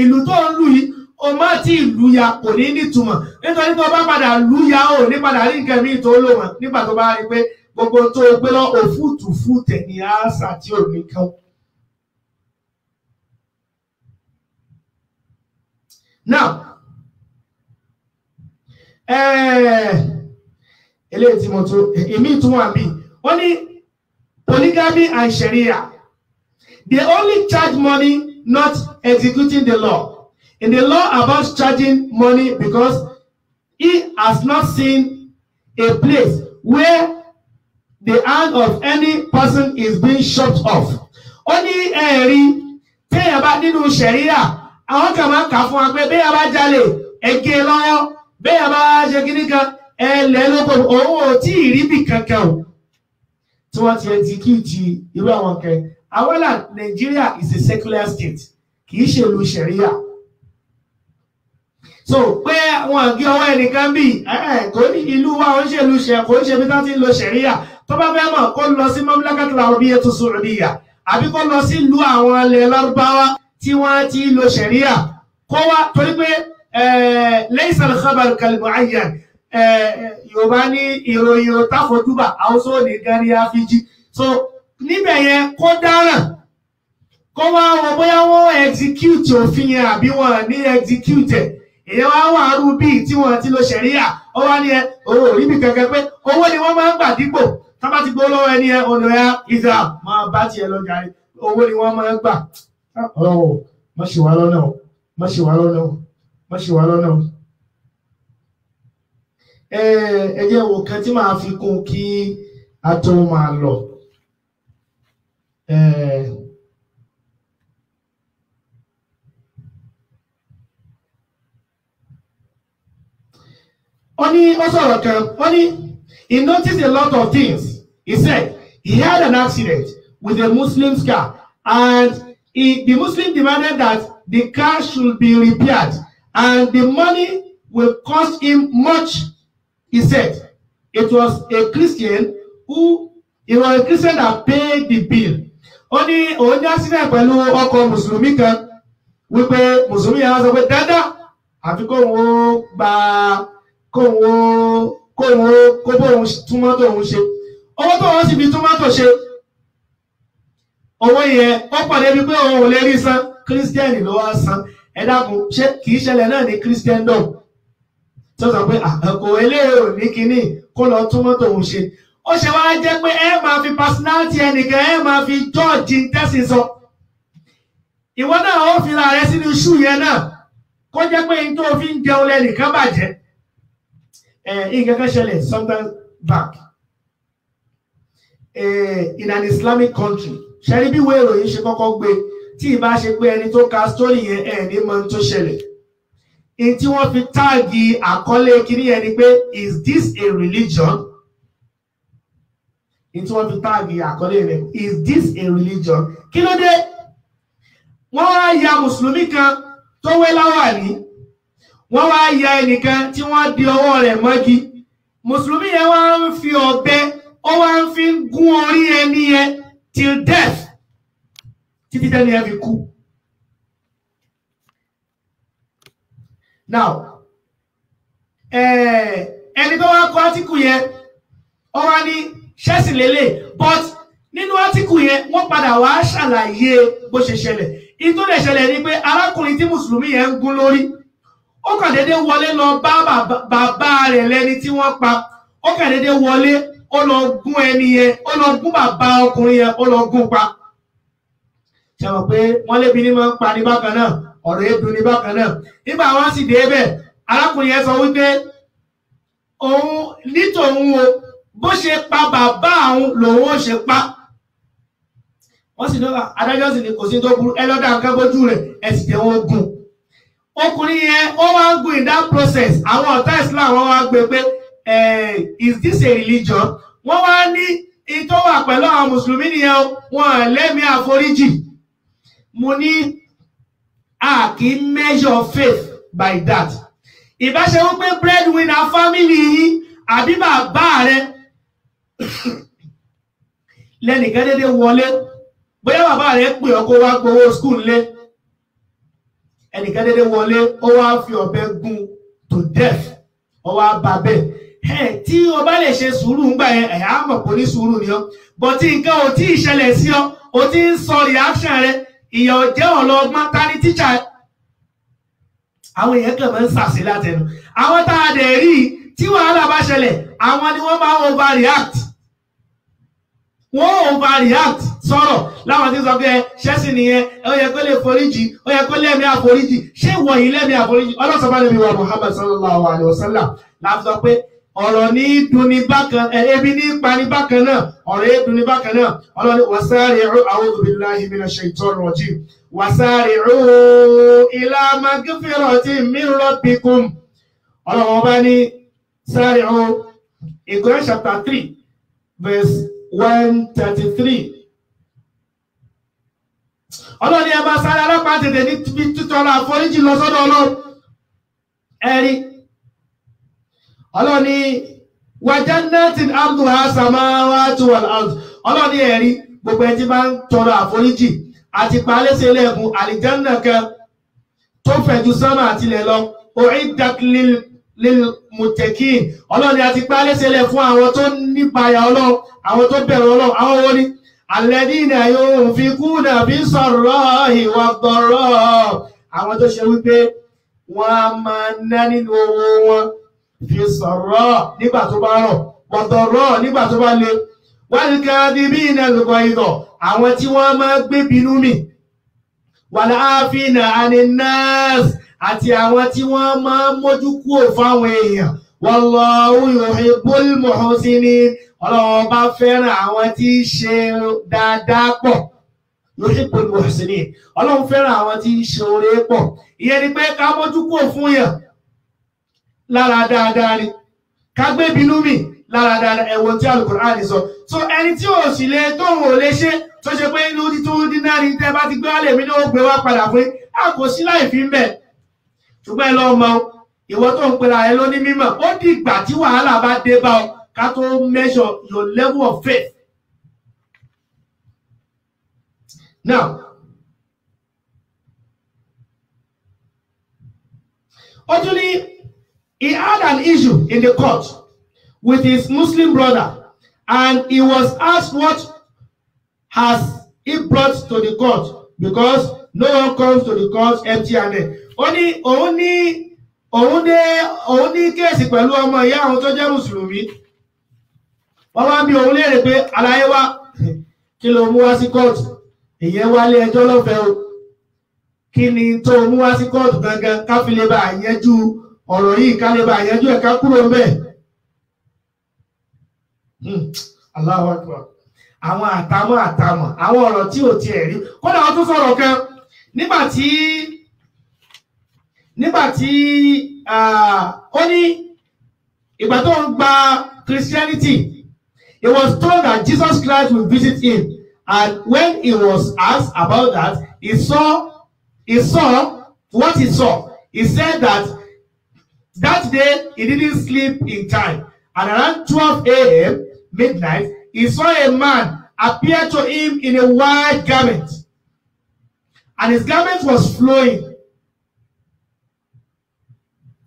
ìlú tó ń lù yìí o má tí ìlú ya kò ní nítumọ̀ nítorí tó bá padà lù ya ò ní padà rí nǹkan míì tó lò wọ́n nígbà tó bá rí pé gbogbo tó gbé lọ òfútùfú tẹ̀ ní àṣà tí ò ní kán. now eh, eléyìí tí mo tún èmi ìtumọ̀ àbí wọ́n ní polygamy and sharia they only charge money not executing the law in the law about charging money because he has not seen a place where the hand of any person is being shot off. ó ní ẹ̀rí téèyàn bá nínú Sharia àwọn kan máa ń kà fún wa pé bẹ́ẹ̀ bá jalè ẹ̀gẹ́ e lọ́yọ́ bẹ́ẹ̀ bá ṣe kíní kan ẹlẹ́ lóko òun ò tí ì rí bì kankan o tí wọ́n ti ti kí ti irú àwọn kan awọ́là Nàìjíríà is a secular state kì í ṣe ìlú ṣẹ̀ríyà so pé wọn gé ọwọ́ ẹnìkan bíi kò ní ìlú wa ò ń ṣe ìlú ṣẹ̀ kò ń ṣe bí tá ti ń lo ṣẹ̀ríyà tó bá fẹ́ mọ̀ kó lọ sí Mamlakatul Arabiyyah As-Saudiyyah àbí kó lọ sí ìlú àwọn ilẹ̀ lárúbáwá tí wọ́n ti lo ṣẹ̀ríà kó wá torí pé laysa al-khabar kal-mu'ayyan yorùbá ní ìròyìn òtàfojúbà haúsó ní gari afiji so níbẹ̀ yẹn kó dáràn kó wá wọn bóyá wọ́n execute òfin yẹn àbí wọn ní execute èèyàn wá wà arú bíi tí wọn ti lo ṣẹ̀ríà ó wá ní ẹ owó òríbi kankan pé owó ni wọ́n máa ń gbà dípò tá bá gbó lọ́wọ́ ẹni ọ̀nà ẹ ìzà máa bá tiẹ̀ lọ jàre owó ni wọ́n máa ń gbà ọlọ́run o má ṣì wá lọ́nà o má ṣì wá lọ́nà o má ṣì wá lọ́nà o. ẹ jẹ́ wo kan tí màá fi kún kí a máa lọ. wọ́n ní wọ́n sọ̀rọ̀ kan wọ́n ní he noticed a lot of things he said he had an accident with a Muslim scar and the Muslim demanded that the car should be repaired and the money will cost him much, he said. It was a Christian who, it was a Christian that paid the bill. Ó ní òun dá sílẹ̀ pẹ̀lú ọkọ̀ Mùsùlùmí kan wípé Mùsùlùmí yẹn wá sọ pé dáadáa àfi kóun ó gba kóun ó kóun ó kó bóun túmọ́tò òun ṣe. Owó tó wọ́n sì fi túmọ́tò ṣe owó yẹn ọ̀pọ̀ débi pé òun ò lè rí san kírísítẹ́nì ló wá san ẹ dákun ṣé kì í ṣẹlẹ̀ náà ní kírísítẹ́ndọ̀m tó sọ pé àkókò eléyìí ò ní kínní kó lọ tún mọ́tò òun ṣe ó ṣe wá jẹ́ pé ẹ máa fi personality ẹnìkan ẹ máa fi jọ́ọ̀jì tẹ́sí sọ ìwọ náà ó fi ra rẹ sínú ṣú yẹn náà kó jẹ́ pé n tó fi ń jẹun lẹ́nìkan bàjẹ́ ẹ̀ nǹkan kan ṣẹlẹ̀ sometime back eh, in an Islamic country ṣẹ́rí bí wéèrò yìí ṣe kọ́kọ́ gbé tí ìbá ṣe pé ẹni tó ka sítórì yẹn ẹ̀ ní mọ tó ṣẹlẹ̀ in tí wọ́n fi táàgì àkọlé kiri yẹn ni pé is this a religion in tí wọ́n fi táàgì àkọlé rẹ̀ is this a religion kí ló dé wọ́n wá ya mùsùlùmí kan tó wé láwàní wọ́n wá ya ẹnìkan tí wọ́n di ọwọ́ rẹ̀ mọ́gi mùsùlùmí yẹn wá ń fi ọ̀bẹ ó wá ń fi gún orí ẹni yẹn till death títí tẹ́ni ẹ fi kú. now ẹni tó wá kọ átíkù yẹn ó wá ní ṣẹ́sì lélẹ̀ but nínú átíkù yẹn wọ́n padà wá ṣàlàyé bó ṣe ṣẹlẹ̀ ìtòlè ṣẹlẹ̀ ni pé arákùnrin tí mùsùlùmí yẹn ń gún lórí ó kàn déédéé wọlé lọ bá bàbá rẹ̀ lẹ́ni tí wọ́n pa ó kàn déédéé wọlé ó lọ gún ẹni yẹn ó lọ gún bàbá ọkùnrin yẹn ó lọ gún pa ṣàmọ̀ pé wọ́n lébi ní máa ń pa ní bákan náà ọ̀rọ̀ ebù ní bákan náà nígbà wọn sì dé bẹ̀ arákùnrin yẹn sọ wípé òun nítòun o bó ṣe pa bàbá àwọn lòun ó ṣe pa wọ́n sì náà adájọ́ sì ni kò sí tó burú ẹ lọ́dà nǹkan bójú rẹ̀ ẹ sì jẹ́ wọn gùn ọkùnrin yẹn ó wá ń gùn in that process àwọn ọ̀tá ìsìlámù wọn wá gbé pé eh, is this a religion wọ́n wá ní ìtọ́ wà pẹ̀lú àwọn mùsùlùmí nìyẹn wọn lẹ́mí àforíjì mo ní a kì í measure faith by that ìbáṣe wọn pé breadwinner family yìí àbí bàbá rẹ lẹ́nìkan dédé wọlé bóyá bàbá rẹ pè ọ́ kó wá gbowó skul lé ẹnìkan dédé wọlé ó wá fi ọ̀bẹ gún to death ó wá tí o bá lè ṣe sùúrù ńgbà yẹn ẹ̀ á mọ̀ pé ní sùúrù ni ọ́ but nǹkan ò tí ì ṣẹlẹ̀ sí ọ o ti ń sọ reaction rẹ ìyà jẹ́ ọ̀lọ́gbọ́n ta ni tíṣà àwọn èèyàn kàn máa ń sàṣe látẹnu àwọn tá a dẹ̀ rí tí wàhálà bá ṣẹlẹ̀ àwọn ni wọ́n máa ń overreact wọ́n overreact sọ̀rọ̀ láwọn tí ń sọ pé ẹ ṣẹ́sìn nìyẹn ó yẹ kó lè foríjì ó yẹ kó lẹ́mí àforíjì ṣé ìwọ̀nyí lẹ́mí àforíjì ọlọ́sọ̀bá lè mi wà Muhammad sallallahu alayhi wa sallam láti sọ pé ọ̀rọ̀ ní dunni bákan ẹ̀ẹ́bí ní pani bákan náà ọ̀rọ̀ yẹn dunni bákan náà ọlọ́ni wasari'u a'udhu billahi minash shaitonir rajim wasari'u ila magfiratin min rabbikum ọlọ́wọ́ bá ní sari'u ìgbọ́n chapter three verse one thirty three ọlọ́ni ẹ bá sáré alápá tètè ní títọ́ra àforíjì lọ sọ́dọ̀ ọlọ́run ẹ̀rí ọlọ́ni wajannatin arduha samawatu wal ard ọlọ́ni ẹ̀rí gbogbo ẹni tí máa ń tọrọ àforíjì àti palẹ́sẹ̀ lẹ́ẹ̀kún àlìjánná kan tó fẹ̀jú sánmà àtilẹ̀ lọ uiddat lil muttaqin ọlọ́ni àti palẹ́sẹ̀ lẹ̀ fún àwọn tó nípayà ọlọ́run àwọn tó bẹ̀rù ọlọ́run àwọn wo ni alladina yunfikuna fi sarrahi wa darra àwọn tó ṣe wípé wọ́n á máa ná nínú owó wọn fi sọ̀rọ̀ nígbà tó bá rọ̀ pọ̀tọ̀rọ̀ nígbà tó bá le wálìkẹ́ bíbí iná lùkọ́ ìdọ̀ àwọn tí wọ́n máa gbé bínú mì wàláàfínà àní nọ́ọ̀sì àti àwọn tí wọ́n máa mójú kúrò fáwọn èèyàn wallahu yuhibbul muhsinin ọlọ́wọ́ bá fẹ́ràn àwọn tí ń ṣe dáadáa pọ̀ yuhibbul muhsinin ọlọ́wọ́ fẹ́ràn àwọn tí ń ṣe oore pọ̀ ìyẹn ni pé ká mójú kúrò fún yàn lára dáadáa ni ká gbé bínú lára dáadáa ẹ̀wọ̀n tí Al-Qur'ani sọ so ẹni tí ò sì lè tóun ò lè ṣe tó ṣe pé inú títú dínárì tẹ́ bá ti gbé wálé mi ní ó gbé wá padà pé a kò sí láì fi ń bẹ̀ ṣùgbọ́n ẹ lọ mọ ìwọ tó ń pera ẹ lóní mímọ̀ ó di ìgbà tí wàhálà bá dé bá ọ ká tó measure your level of faith now ó tún ní. He had an issue in the court with his Muslim brother, and he was asked what has he brought to the court because no one comes to the court empty-handed. Only, only, òun ní òun dé òun ní kéèsì pẹ̀lú ọmọ ìyá àwọn tó jẹ́ mùsùlùmí wọ́n wá bí òun léèrè pé aláyé wá kí ló mú wá sí kóòtù ìyẹn wálé ẹjọ́ lọ́fẹ̀ẹ́ o kí ni tó mú wá sí kóòtù gangan káfílẹ̀ bá yẹjú ọ̀rọ̀ yìí ká lè bá àyànjú ẹ̀ka kúrò ń bẹ̀. Hmm, Allahu Akbar àwọn àtàmọ́ àtàmọ́ àwọn ọ̀rọ̀ tí ò tiẹ̀ rí kódà wọ́n tún sọ̀rọ̀ kan nígbà tí nígbà tí ó ní ìgbà tó ń gba Christianity he was told that Jesus Christ will visit him and when he was asked about that he saw he saw what he saw he said that That day he didn't sleep in time, and around 12 a.m., midnight, he saw a man appear to him in a white garment, and his garment was flowing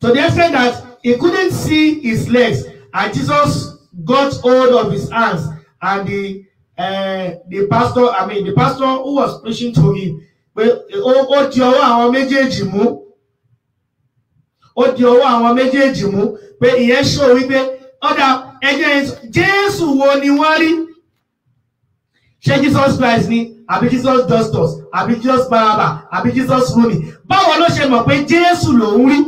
to the extent that he couldn't see his legs, and Jesus got hold of his hands, and the uh, the pastor, I mean, the pastor who was preaching to him, pé ó di ọwọ́ àwọn méjèèjì mú ó di ọwọ́ àwọn méjèèjì mú pé ìyẹn ṣó wípé ọ̀dà ẹ̀jẹ̀ jésù wo ni wọ́n rí ṣé jesus christ ni àbí jesus justus àbí jesus baraba àbí jesus rumi báwo ló ṣe mọ̀ pé jésù lòún rí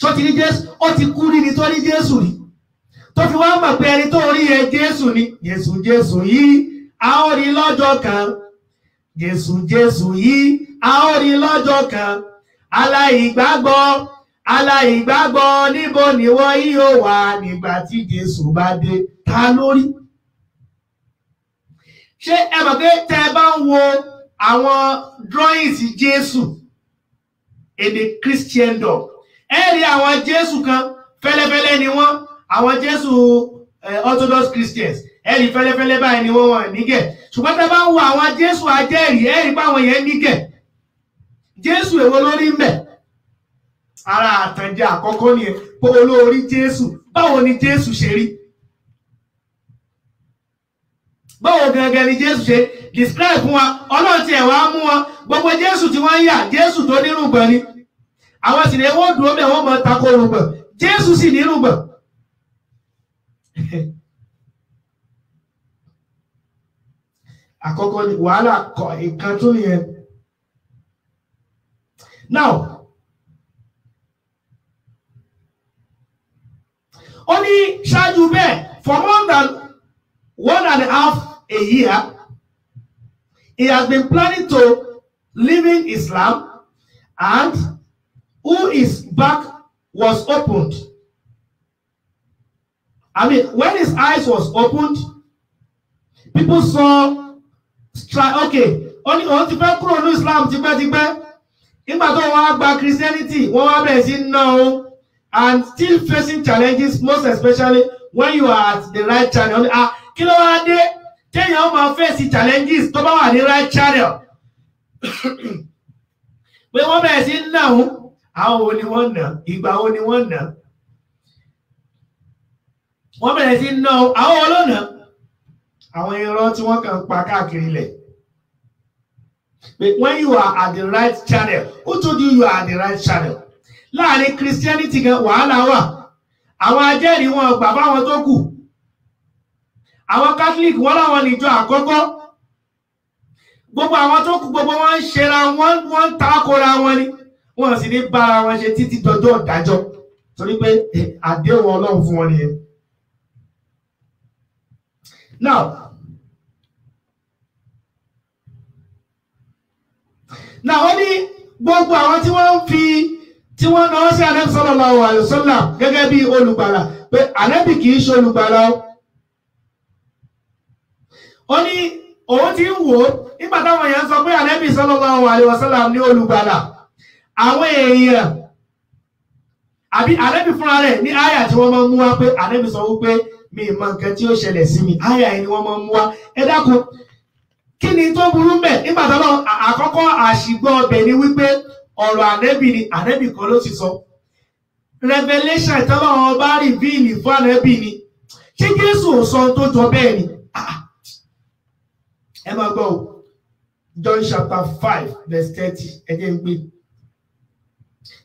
tó ti rí jésù ó ti kú rí ni tó rí jésù rí tó fi wá mọ̀ pé ẹni tó rí yẹn jésù ni jésù jésù yìí a ó lọ́jọ́ kan jésù jésù yìí a ó lọ́jọ́ kan aláìgbàgbọ́ aláìgbàgbọ́ níbo níwọ yíò wà nígbà tí Jésù bá dé ta lórí ṣé ẹ mọ̀ pé tẹ́ ẹ bá ń wo àwọn drawings Jésù èdè Christian dog ẹ rí àwọn Jésù kan fẹ́lẹ́fẹ́lẹ́ ni wọ́n àwọn Jésù eh, Orthodox Christians ẹ rí fẹ́lẹ́fẹ́lẹ́ báyìí ni wọ́n wọ̀n nígẹ̀ ṣùgbọ́n tẹ́ bá ń wo àwọn Jésù ajẹ́rìí ẹ rí pé yẹn nígẹ̀ jésù èwo lórí ń bẹ ara àtànjẹ àkọ́kọ́ nìyẹn pé olórí jésù báwo ni jésù ṣe rí báwo gangan ni jésù ṣe describe fún wa ọlọ́run ti ẹ̀wà mú wọn gbogbo jésù tí wọ́n ń yà jésù tó nírùngbọ̀n ni àwọn sì ni wọ́n dúró bẹ́ẹ̀ wọ́n mọ tako rùngbọ̀n jésù sì nírùngbọ̀n. àkọ́kọ́ wàhálà kọ̀ nǹkan tó nìyẹn now only ní ṣáájú for more than one and a half a year he has been planning to live Islam and who his back was opened I mean when his eyes was opened people saw try okay only ní òun ti fẹ́ kúrò ní Islam nígbà tó wọ́n á gba Christianity wọ́n wá bẹ̀rẹ̀ sí ná o and still facing challenges most especially when you are at the right channel ah kí ló wá dé téèyàn máa fèsì challenges tó bá wà ní right channel pé wọ́n bẹ̀rẹ̀ sí ná o àwọn wo ni wọ́n ná ìgbà wo ni wọ́n ná wọ́n bẹ̀rẹ̀ sí ná o àwọn olóòna àwọn irọ́ tí wọ́n kàn pa káàkiri lẹ̀. But when you are at the right channel, who told you you are at the right channel? Láàrin Christianity gan wàhálà wà. Àwọn ajẹ́rìí wọn gbà fáwọn tó kù. Àwọn Catholic wọ́n láwọn níjọ àkọ́kọ́. Gbogbo àwọn tó kù gbogbo wọn ń ṣera wọn wọ́n ń takora wọn ni. Wọ́n sì ní bára wọn ṣe títí dọjọ́ ìdájọ́. Torí pé eh, àdéhùn Ọlọ́run fún wọn nìyẹn. Now, náà wọ́n ní gbogbo àwọn tí wọ́n ń fi tí wọ́n náwó sí Ànábì sallallahu alaihi wasallam gẹ́gẹ́ bí olùgbàlà pé Ànábì kì í ṣe olùgbàlà o. ó ní òun ti ń wò ó nígbà táwọn èèyàn sọ pé Ànábì sallallahu alaihi wasallam ní olùgbàlà àwọn èèyàn àbí Ànábì fúnra rẹ̀ ní àyà tí wọ́n máa ń mú wá pé Ànábì sọ wípé mi ìmọ̀ nǹkan tí ó ṣẹlẹ̀ sí mi àyà yìí ni wọ́n máa ń mú wá ẹ dákun kí ni tó burú mẹ́ nígbà tó náà àkọ́kọ́ àṣìgbọ́ ọbẹ̀ ni wípé ọ̀rọ̀ ànẹ́bì ni ànẹ́bì kan ló ti sọ revelation ìtọ́lọ́ ọba rìvíìlì fún ànẹ́bì ni ṣé Jésù ò sọ tó jọ bẹ́ẹ̀ ni ah, ah. ẹ máa gbọ́ o John chapter five verse thirty ẹ jẹ́ ń gbé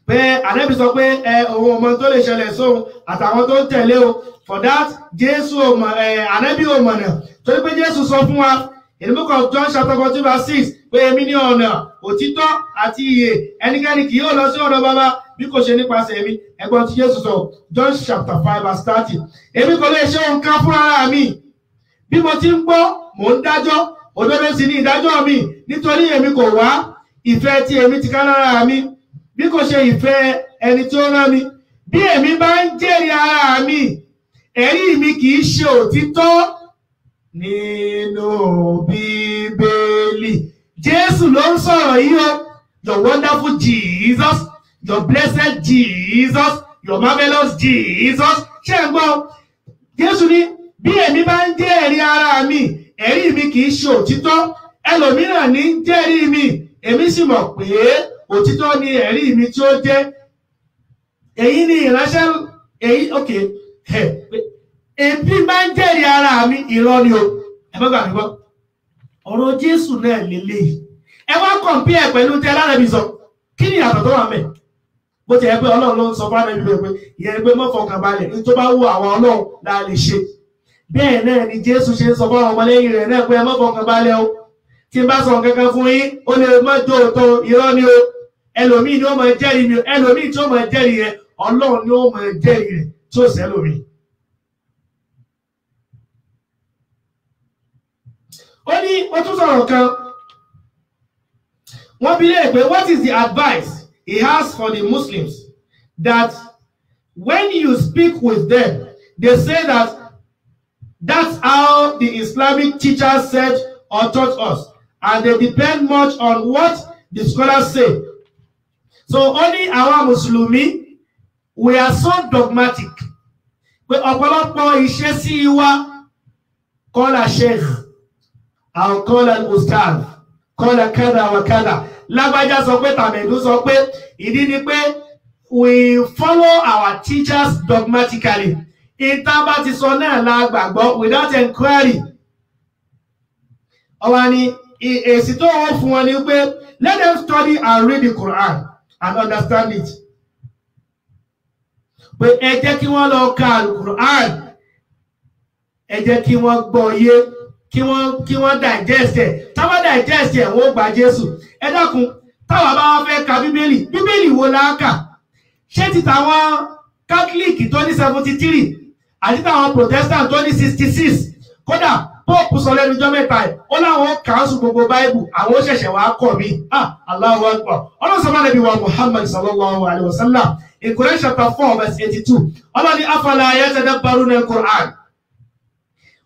pé ànẹ́bì sọ pé ẹ òun ọmọ tó lè ṣẹlẹ̀ sóhun àtàwọn tó ń tẹ̀lé o for that Jésù ọmọ ẹ ànẹ́bì ọmọ náà torí pé Jésù sọ fún wa in the John chapter fourteen verse six pé èmi ni ọ̀nà òtítọ́ àti ìyè ẹnikẹ́ni kì yóò lọ sí ọ̀dọ̀ bàbá bí kò ṣe nípasẹ̀ èmi ẹgbọ́n tí Jésù sọ John chapter five verse thirty èmi kò lè ṣe nǹkan fúnra mi bí mo ti ń gbọ́ mò ń dájọ́ òdodo sì ni ìdájọ́ mi nítorí èmi kò wá ìfẹ́ tí èmi ti ká lára mi bí kò ṣe ìfẹ́ ẹni tí ó rán mi bí èmi bá ń jẹ́rìí ara mi ẹ̀rí mi kì í ṣe òtítọ́ nínú bíbélì jésù ló ń sọ̀rọ̀ yìí o your wonderful jesus your blessed jesus your marvelous jesus ṣé ẹ gbọ́ jésù ní bí èmi bá ń jẹ́ ẹ̀rí ara mi ẹ̀rí mi kì í ṣe òtítọ́ ẹlòmíràn ní jẹ́rí mi èmi sì mọ̀ pé òtítọ́ ni ẹ̀rí mi tí ó jẹ́ èyí ni ìránṣẹ́ èyí okay èbí máa ń jẹ́rìí ara mi irọ́ ni o ẹ bá gbà mí gbọ́ ọ̀rọ̀ Jésù náà lélẹ́yìí ẹ wá kọ̀m̀pí ẹ̀ pẹ̀lú tẹ́ lárẹ́bí sọ kí ni àtọ̀ tó wà mẹ́ bó ti yẹ pé Ọlọ́run ló ń sọ fún àrẹ́bí rẹ̀ pé ìyẹn pé mọ́fọkàn balẹ̀ ní tó bá wù àwọn Ọlọ́run la lè ṣe bẹ́ẹ̀ náà ni Jésù ṣe ń sọ fún àwọn ọmọlẹ́yìn rẹ̀ náà pé mọ́fọkàn balẹ̀ o tí n bá sọ kankan fún yín ó lè mọ́ jó tó irọ́ ni o ẹlòmíì ni ó máa jẹ́rìí ẹlòmíì tí ó máa jẹ́rìí rẹ̀ Ọlọ́run ni ó máa jẹ́rìí rẹ̀ tí ó sẹ́lòmíì ó ní ó tún sọ̀rọ̀ kan wọ́n bi léèrè pé what is the advice he has for the Muslims that when you speak with them they say that that's how the Islamic teachers said or taught us and they depend much on what the scholars say so only our Muslimi we are so dogmatic pé ọ̀pọ̀lọpọ̀ ìṣesí wa kọ́lá sheikh àwọn kọ́lá ustaz kọ́lá kádà wà kada lágbájá sọ pé tàmẹ̀dú sọ pé ìdí ni pé we follow our teachers dogmatically ìta bá ti sọ náà la gbàgbọ́ without enquiry ọba ni èsì tó wọ́n fún wọn ni pé let them study and read the Quran and understand it pé ẹ jẹ́ kí wọ́n lọ ka Quran ẹ jẹ́ kí wọ́n gbọ́ yé kí wọ́n kí wọ́n digest ẹ̀ táwa digest ẹ̀ wọ́n gba Jésù ẹ dákun táwa bá wá fẹ́ ka bíbélì bíbélì wo la kà ṣé ti tàwọn Catholic tó ní seventy three àti tàwọn Protestant tó ní sixty six kódà Pope sọ lẹ́nu ọjọ́ mẹ́ta ẹ̀ ó láwọn kàásù gbogbo Báíbù àwọn ó ṣẹ̀ṣẹ̀ wàá kọ̀ mí ah Allahu Akbar ọlọ́sọ̀mọ́ nàbí wa Muhammad sallallahu alayhi wa sallam in Quran chapter four verse eighty two ọlọ́ni afala yatadabbaruna al-Qur'an.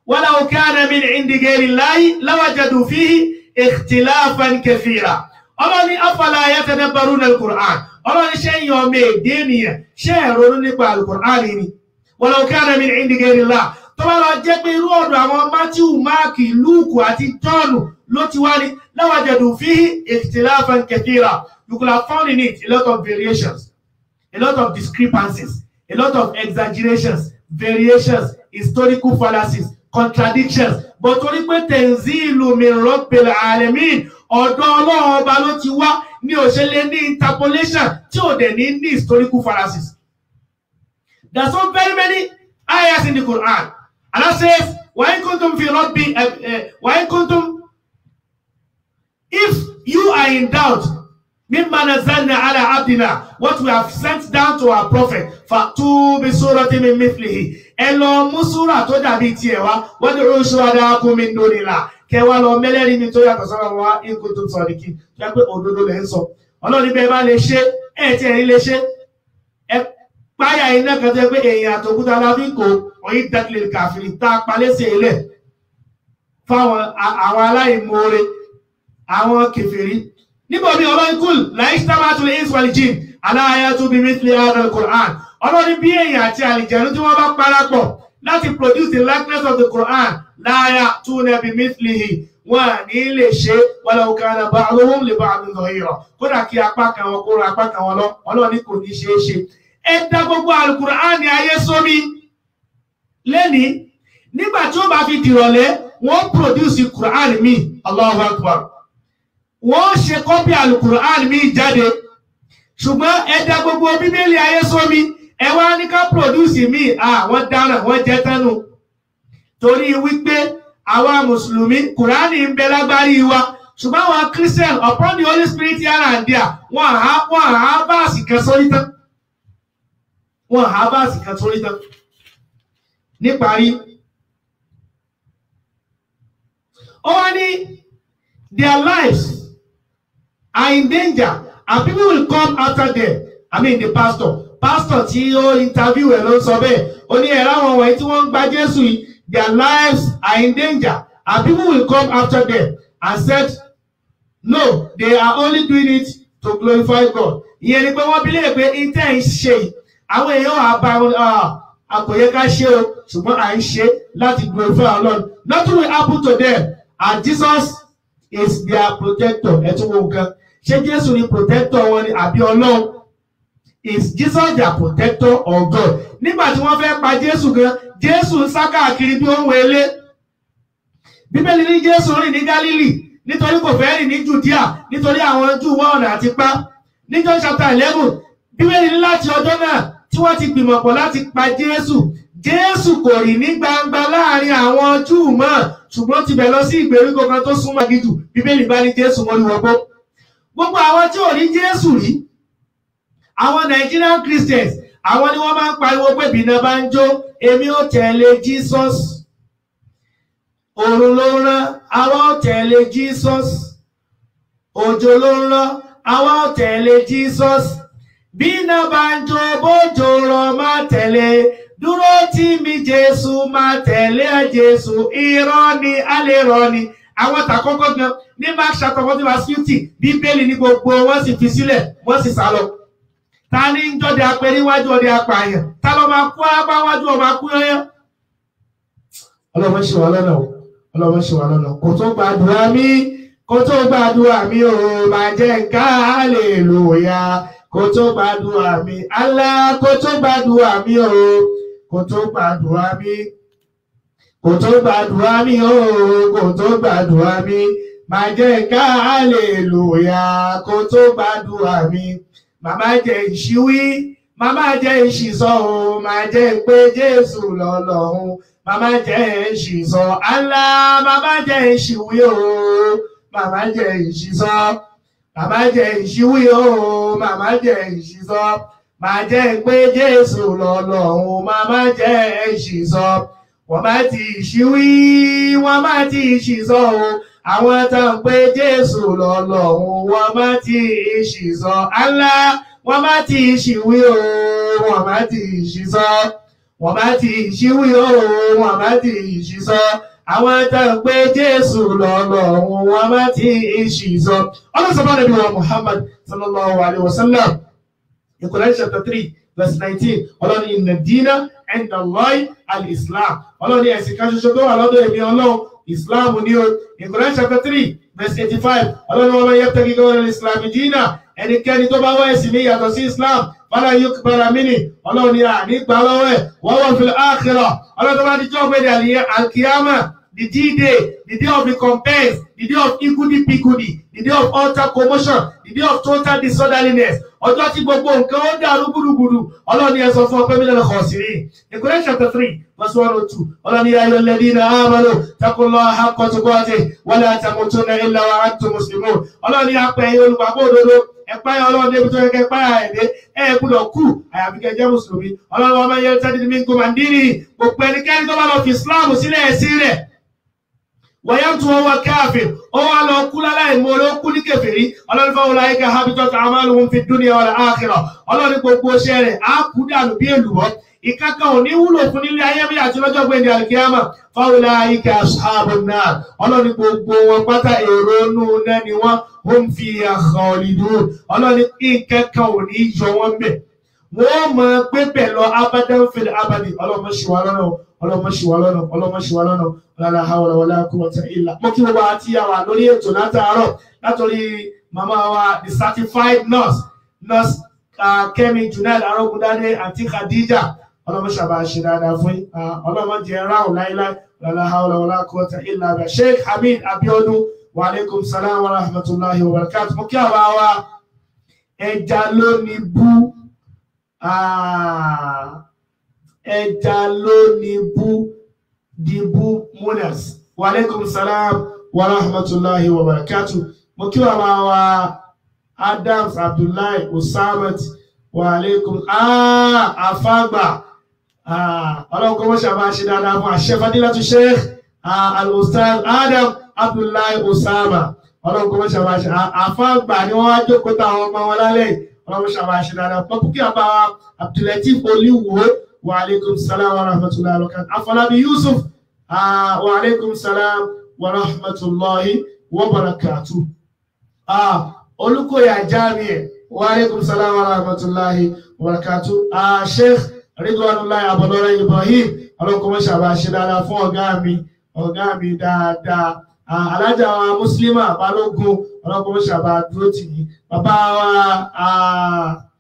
ولو كان من عند غير الله لوجدوا فيه اختلافا كثيرا ọlọ́ni afala yatadabbaruna alukur'an ọlọ́ni ṣe ń yan ọmọ èdè nìyẹn ṣe ń ronú nípa alukur'an ni walau kana min indi ghairi Allah tó bá lọ jẹ́ pé irú ọ̀dọ̀ àwọn matthew mark luke àti john ló ti wá ní lawajadu fihi ikhtilafan kathira you could have found in it a lot of variations a lot of discrepancies a lot of exaggerations variations historical fallacies contradictions bó torí pé tẹ̀sí ìlú mi rabbil alamin ọ̀dọ̀ ọlọ́run ọba ló ti wá ní òṣèlè ní interpolation tí ò dẹ̀ ní ní historical fallacies. there are so very many ayahs in the Quran and that says "Why in kuntum fi rabbi eh, eh, Why in kuntum if you are in doubt mimma nazalna ala abdina what we have sent down to our prophet fa'tu bi suratin min mithlihi ẹ lọ mú súrà tó dàbí tiẹ̀ wá wọ́n lè rún ṣúwádà kúnmi lórí là kẹwàá lọ mẹ́lẹ́rìí mi tó yàtọ̀ sára wa ikú tó sọ ní kí tó yà pé òdodo lẹ́ ń sọ ọlọ́run níbẹ̀ bá lè ṣe ẹ̀ tí ẹ̀rín lè ṣe ẹ páyà iná kan tó yẹ pé èèyàn àtòkúta láfi kò ọyí dẹ́kìlì kàfìrí tá a palẹ́ sí ilẹ̀ fáwọn àwọn aláìmoore àwọn kẹfìrí níbo ni ọlọ́run kúl láì sábà tún lè ń sọ ọlọ́ni bí èèyàn àti àlìjẹ̀nu tí wọ́n bá parapọ̀ láti produce the likeness of the Quran láyà túnẹ̀ bí mithlihi wọn à ní lè ṣe walau kana ba'duhum li ba'din zahira kódà kí apá kan wọn kóra apá kan wọn lọ ọlọ́ni kò ní ṣeé ṣe ẹ dá gbogbo àlùkùránì ayé sómi lẹ́ni nígbà tí ó bá fi dìrọ̀lẹ́ wọ́n produce Quran mi Allahu Akbar wọ́n ṣe kọ́pì àlùkùránì mi jáde ṣùgbọ́n ẹ dá gbogbo bíbélì ayé sómi ẹ wá ní ká produce míì àwọn dáràn wọ́n jẹ́ tánu torí wípé àwa mùsùlùmí kùránì ń bẹ lágbárí wa ṣùgbọ́n àwọn christian upon the holy spirit here and there wọ́n á wọ́n á báàsì kan sórí tán wọ́n á báàsì kan sórí tán níparí ó wá ní their lives are in danger and people will come after them i mean the pastor pásítọ̀ tí ó interview ẹ̀ ló sọ bẹ́ẹ̀ ó ní ẹ̀rọ àwọn wọ̀nyí tí wọ́n ń gba Jésù yìí their lives are in danger and people will come after them and said no they are only doing it to glorify God ìyẹn ni pé wọ́n bí léèrè pé intan ń ṣe àwọn èèyàn àbá àkòyẹ ká ṣe o ṣùgbọ́n à ń ṣe láti glorify Ọlọ́run nothing will happen to them and Jesus is their protector ẹ̀ tún wọ́n kan ṣé Jésù ni protector wọn ni àbí Ọlọ́run is Jesus their protector or God nígbà tí wọ́n fẹ́ pa Jésù gan Jésù ń sá káàkiri bí ó ń wọlé Bíbélì ní Jésù rìn ní Galilee nítorí kò fẹ́ rìn ní Judea nítorí àwọn Júù wá ọ̀nà àti pa ní John chapter eleven Bíbélì ní láti ọjọ́ náà tí wọ́n ti gbìmọ̀ pọ̀ láti pa Jésù Jésù kò rìn ní gbangba láàrin àwọn Júù mọ́ ṣùgbọ́n ti bẹ̀ lọ sí ìgbèríko kan tó súnmọ́ gidi Bíbélì bá ní Jésù wọn ni wọ́n gbọ́ gbogbo àwọn tí ò rí Jésù rí àwọn Nigerian Christians àwọn ni wọ́n máa ń pariwo pé bìnnà bá ń jó èmi ò tẹ̀lé Jesus òrùn ló ń rán àwa ò tẹ̀lé Jesus òjò ló ń rán àwa ò tẹ̀lé Jesus bìnnà bá ń jó bójò rọ̀ máa tẹ̀lé dúró tí mi Jésù máa tẹ̀lé Jésù irọ́ ni alẹ́ rọ ni àwọn tàkọ́kọ́ gan ní Mark chapter one verse fifty bíbélì ní gbogbo wọ́n sì fi sílẹ̀ wọ́n sì sá ta ní ń jọdẹ apẹ níwájú ọdẹ apààyàn ta ló máa kú apá wájú ọmọ akú yányán. ọlọ́mọ ṣe wà lọ́nà o ọlọ́mọ ṣe wà lọ́nà kò tó gbàdúrà mi kò tó gbàdúrà mi ò máa jẹ́ ká hallelúyà kò tó gbàdúrà mi Allah kò tó gbàdúrà mi ò kò tó gbàdúrà mi kò tó gbàdúrà mi ò kò tó gbàdúrà mi máa jẹ́ ká hallelúyà kò tó gbàdúrà mi màmá jẹ ìṣíwí màmá jẹ ìṣìṣọ́ o màá jẹ pé Jésù lọ́lọ́run màmá jẹ ìṣìṣọ́ alá màmá jẹ ìṣíwí o màmá jẹ ìṣìṣọ́ màmá jẹ ìṣíwí o màmá jẹ ìṣìṣọ́ màá jẹ pé Jésù lọ́lọ́run màmá jẹ ìṣìṣọ́ wọ́n má ti ìṣíwí wọ́n má ti ìṣìṣọ́ o àwọn tó ń pe Jésù lọ́lọ́run wọ́n má ti ṣìṣọ́ Allah wọ́n má ti ṣìwí o wọ́n má ti ṣìṣọ́ wọ́n má ti ṣìwí o wọ́n má ti ṣìṣọ́ àwọn tó ń pe Jésù lọ́lọ́run wọ́n má ti ṣìṣọ́ ọlọ́sọ̀bọ́n nàbí wa Muhammad sallallahu alayhi wa sallam ìkọlẹ́ chapter three verse nineteen ọlọ́ni ìnàdínà ẹ̀ńdàlọ́ì alìsílám ọlọ́ni ẹ̀sìn kan ṣoṣo tó wà lọ́dọ̀ èmi ọlọ́run Islam ní o in Quran chapter three verse eighty five ọlọ́run wọn bá yẹ tẹ́kí lọ́wọ́ Islam jìnnà ẹnikẹ́ni tó bá wá ẹ̀sìn mi yàtọ̀ sí Islam fọlá yóò gbára mí ni ọlọ́run ni àní gbà lọ́wọ́ ẹ̀ wọ́n wọ́n fi àkìrọ̀ ọlọ́run tó bá ti jọ́ the D-Day, the day of recompense, the day of igudi pigudi, the day of utter commotion, the day of total disorderliness. Ọjọ́ tí gbogbo nǹkan ó dàrú gbùdùgbùdù, ọlọ́ni ẹ sọ fún ọpẹ́ mílíọ̀nù lọ́kọ̀ sí rí. Ìkúrẹ́ chapter three verse one oh two, ọlọ́ni ayọ̀ lẹ́dí iná àmàlò takùnlọ akọ̀tùkọ̀tì wọlé àtàkùntù náà ilẹ̀ wa àti mùsùlùmù. Ọlọ́ni apẹ̀ ẹ̀yẹ olùgbàgbọ́ òdodo ẹ̀páyà ọlọ́run débi tó yẹ kẹ́ páyà ẹ̀dẹ́ ẹ̀ gbúdọ̀ kú àyàfi kẹ́ jẹ́ mùsùlùmí. Ọlọ́run ọmọ yẹn tẹ́tí mi ń gbọ́mọ̀ ndínì gbogbo ẹnikẹ́ni tó bá lọ fi Islam sílẹ̀ sí rẹ̀ wọ́yá tún wọn wá káàfin ó wá lọ kú láláì mú olóò kú ní kẹfìrí ọlọ́run fáwọn ọlá ẹ̀ka habitat amaluhun fi dunya wal akhirah ọlọ́run gbogbo ṣẹ́ rẹ̀ á kú dànù bí èlùbọ́ ìkákan ò wúlò fún nílé ayé àti lọ́jọ́ gbẹ̀ndì àlùkíyàmà fáwọn ọlá ẹ̀ka ashabun nar ọlọ́run gbogbo wọn pátá èrò inú náà ni ó ń fi khalidun ọlọ́run ìkẹ́kọ̀ọ́ ọlọ́mọṣùwà lọ́nà ọlọ́mọṣùwà lọ́nà ọlọ́lá hawla wala quwwata illa. mo kí wọ́n àti àwà lórí ètò látàárọ̀ látòrí màmá wa the certified nurse nurse uh, Kẹ́mi Junaid Arógundadé àti Khadija ọlọ́mọṣàbà ṣe dáadáa fún uh, ọlọ́mọjẹ ráhùn láíláí ọlọ́lá hawla wala quwwata illa rẹ̀ Sheikh Hamid Abiodun wa aleykum salaam wa rahmatulahi wa barakatuh mo kí àwa wa ẹja lónìí bú. Ah ẹja ló ní bú dìbú munas wàlẹ́kùn salam wa rahmatulahi wa barakatu mo kí wàá máa wá adams abdullahi usamat wàlẹ́kùn ah, àfàgbà ah, ọlọ́run kọ́ mọ́ṣẹ́ àbá ṣe dáadáa fún àṣẹfadílátú sheikh ah, al-ustaz adam abdullahi usama ọlọ́run kọ́ mọ́ṣẹ́ àbá ṣe àfàgbà ni wọ́n wá jókòó táwọn ọmọ wọn lálẹ́ ọlọ́run mọ́ṣẹ́ àbá ṣe dáadáa pọ́pù kí àbá abdulatif olúwo wa alaikum salam wa rahmatullahi wa barakatuh afọlábí yusuf ah, wa alaikum salam wa rahmatullahi wa barakatuh ah, olùkóyè ajáàmì ẹ̀ wa alaikum salam wa rahmatullahi wa barakatuh ah, sheikh ridwanullahi abọlọlá ibrahim ọlọ́kùnrin ṣàbà ṣe dáadáa fún ọ̀gá mi ọ̀gá mi dáadáa alájà wa mùsùlùmá balógun ọlọ́kùnrin ṣàbà dúró tì yín bàbá wa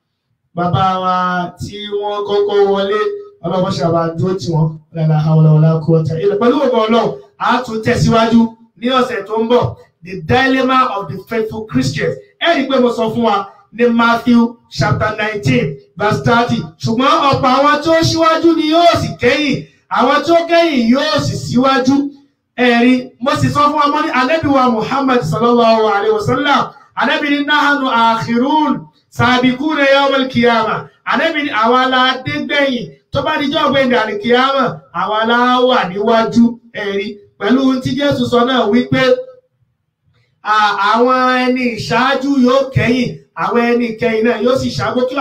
bàbá wa tí wọ́n kọ́kọ́ wọlé ọlọ́wọ́ ṣàbà dúró tí wọ́n lálẹ́ àwọn ọlọ́wọ́ kú ọ̀tá ilẹ̀ pẹ̀lú náà a tún tẹ̀síwájú ní ọ̀sẹ̀ tó ń bọ̀ the dilemma of the faithful Christians ẹ rí pé mo sọ fún wa ní Matthew chapter nineteen verse thirty ṣùgbọ́n ọ̀pọ̀ àwọn tó ṣíwájú ni yóò sì kẹ́yìn àwọn tó kẹ́yìn yóò sì síwájú ẹ̀rí mo sì sọ fún wa mọ́ ní anábìwa Muhammad sallallahu alayhi wa sallam anábìrin náà nù àkìrún sàbíkúrẹ yọmọl kìyàmà ànábì àwa la dé gbẹ̀yìn tó bá dijọ́ gbẹ̀ndẹ̀ àlìkìyàmà àwa la wà níwájú ẹ̀rí pẹ̀lú tí jésù sọ náà wípé àwọn ẹni ìṣáájú yóò kẹ́yìn àwọn ẹni kẹ́yìn náà yóò sì ṣáájú kí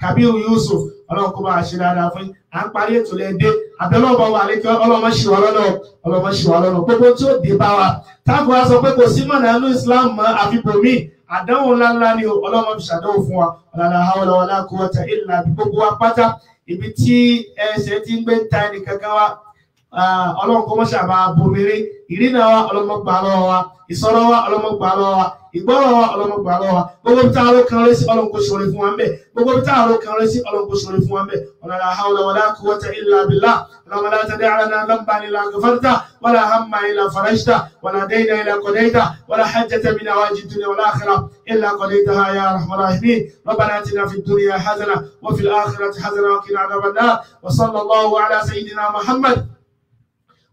Kabiru Yusuf ọlọ́run kó máa ṣe dáadáa fún yín à ń parí ètò lẹ́ẹ̀dẹ́ àbẹ̀lọ́bọ̀ wà lẹ́kẹ́ ọlọ́mọ ṣì wà lọ́nà ọlọ́mọ ṣì wà lọ́nà gbogbo tí ó dé bá wa táàbù wa sọ pé kò sí mọ̀nà inú Islam mọ́ àfipò míì àdánwò ńláńlá ni ọlọ́run fi ṣàdánwò fún wa ọ̀làlà àwọn ọ̀làkùnrin ọ̀tà ìlànà gbogbo apáta ibi tí ẹsẹ̀ ti ń gbé ta ẹnì kankan wa Ah, ọlọ́run kọ́ mọ́ṣà bá bomiré ìrìnà wa ọlọ́mọgbà lọ́wọ́ wa ìsọ̀rọ̀ wa ọlọ́mọgbà lọ́wọ́ wa ìgbọ́rọ̀ wa ọlọ́mọgbà lọ́wọ́ wa gbogbo bí táwọn kan rẹ sí ọlọ́run kò ṣòro fún wa mbẹ gbogbo bí táwọn kan rẹ sí ọlọ́run kò ṣòro fún wa mbẹ ọ̀làlà hàwùlà wàlà kúwọ́tà ìlà bìlà ọ̀làmọ̀lá tàdé àlànà lọ́mbà ìlà gàfàtà wàlà hàmà ìlà farajta wàlà dẹ́yìnà ìlà kọ̀dẹ́yìnà wàlà hajjata min àwájì dunya wàlà àkàrà إلا قضيتها يا أرحم الراحمين ربنا آتنا في الدنيا حسنة وفي الآخرة حسنة وقنا عذاب النار وصلى الله على سيدنا محمد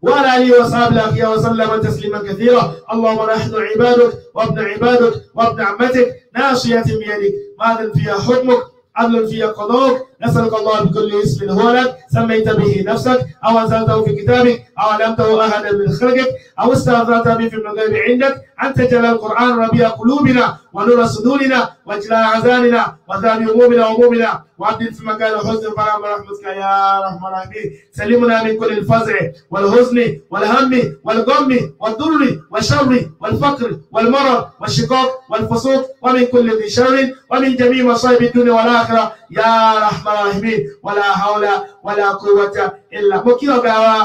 وعلى آله وأصحابه الأخيار وسلم تسليما كثيرا اللهم نحن عبادك وابن عبادك وابن عمتك ناصية بيدك ماض فيها حكمك عدل فيها قضاؤك، نسألك الله بكل اسم هو لك سميت به نفسك أو أنزلته في كتابك أو علمته أحدا من خلقك أو استأثرت به في الغيب عندك أن تجعل القرآن ربيع قلوبنا ونور صدورنا وجلاء أحزاننا وثاني همومنا وهمومنا وأبدل في مكان الحزن فرحم رحمتك يا رحمن الرحيم سلمنا من كل الفزع والحزن والهم والغم والضر والشر والفقر والمرض والشقاق والفسوق ومن كل ذي شر ومن جميع مصائب الدنيا والآخرة Ya rahman rahimin wàlá haula wàlá kúrọ́tà ìlà mo kí ọ̀gá wa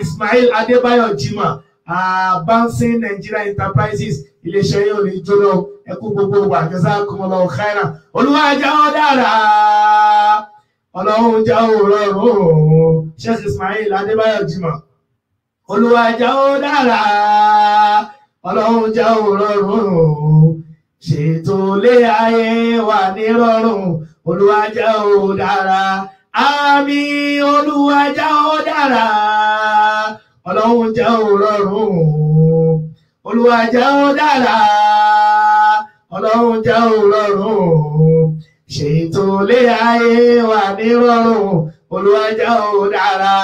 Ismail Adébáyọ̀ Jimoh Bouncing Nigeria Enterprises iléeṣẹ́ yóò ní jóná ẹkú gbogbo wa jazakumullahu khairan olúwa ajá wọn dára ọlọ́run já ò rọrùn Sheikh Ismail Adébáyọ̀ Jimoh olúwa ajá wọn dára ọlọ́run já ò rọrùn ṣètò ilé ayé wa ní rọrùn olùwàjà ò dára àmì olùwàjà ò dára ọlọ́run jẹ́ ò rọrùn olùwàjà ò dára ọlọ́run jẹ́ ò rọrùn ṣètò lé ayé wà ní rọrùn olùwàjà ò dára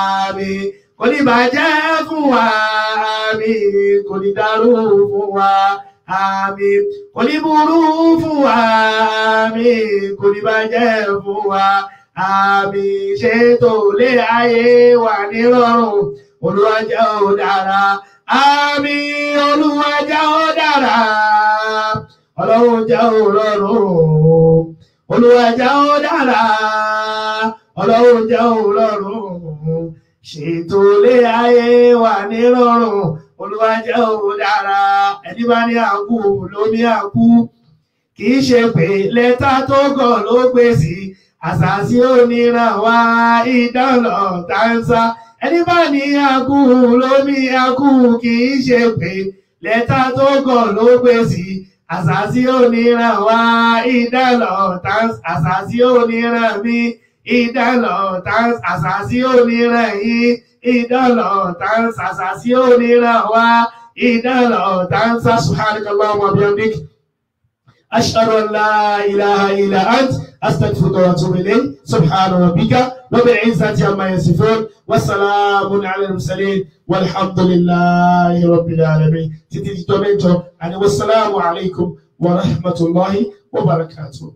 àmì kò ní bàjẹ́ fún wa àmì kò ní dàrú fún wa àmín kò ní burú fún wa àmín kò ní bàjẹ́ fún wa àmín ṣètò lé ayé wa nírọ̀rùn olùwàjà ó dára àmín olùwàjà ó dára ọlọ́run jẹ́ ó olùwàjà ó dára ọlọ́run jẹ́ ó ṣètò lé ayé wa nírọ̀rùn olùwàjẹ́ òun dára ẹni bá ní àkú ló ní àkú kì í ṣe pé lẹ́tà tó gọ̀ ló gbé sí àṣàṣì onírànwá ìdánlọ̀ táǹsà ẹni bá ní àkú ló ní àkú kì í ṣe pé lẹ́tà tó gọ̀ ló gbé sí àṣàṣì onírànwá ìdánlọ̀ táǹsà àṣàṣì onírànmí ìdánlọ̀ táǹsà àṣàṣì onírànyí ìdánlọ̀ tá ń sàṣà sí òníra wa ìdánlọ̀ tá ń sàṣù hàlùkàlá ọmọ abiyamdik ashhadu an la ilaha illa ant astaghfiruka wa atubu ilayk subhana rabbika rabbil izzati amma yasifun wa salamun ala al-mursalin walhamdulillahi rabbil alamin títí tó mẹ́jọ àni wasalaamu alaykum wa rahmatulahi wa barakatuh.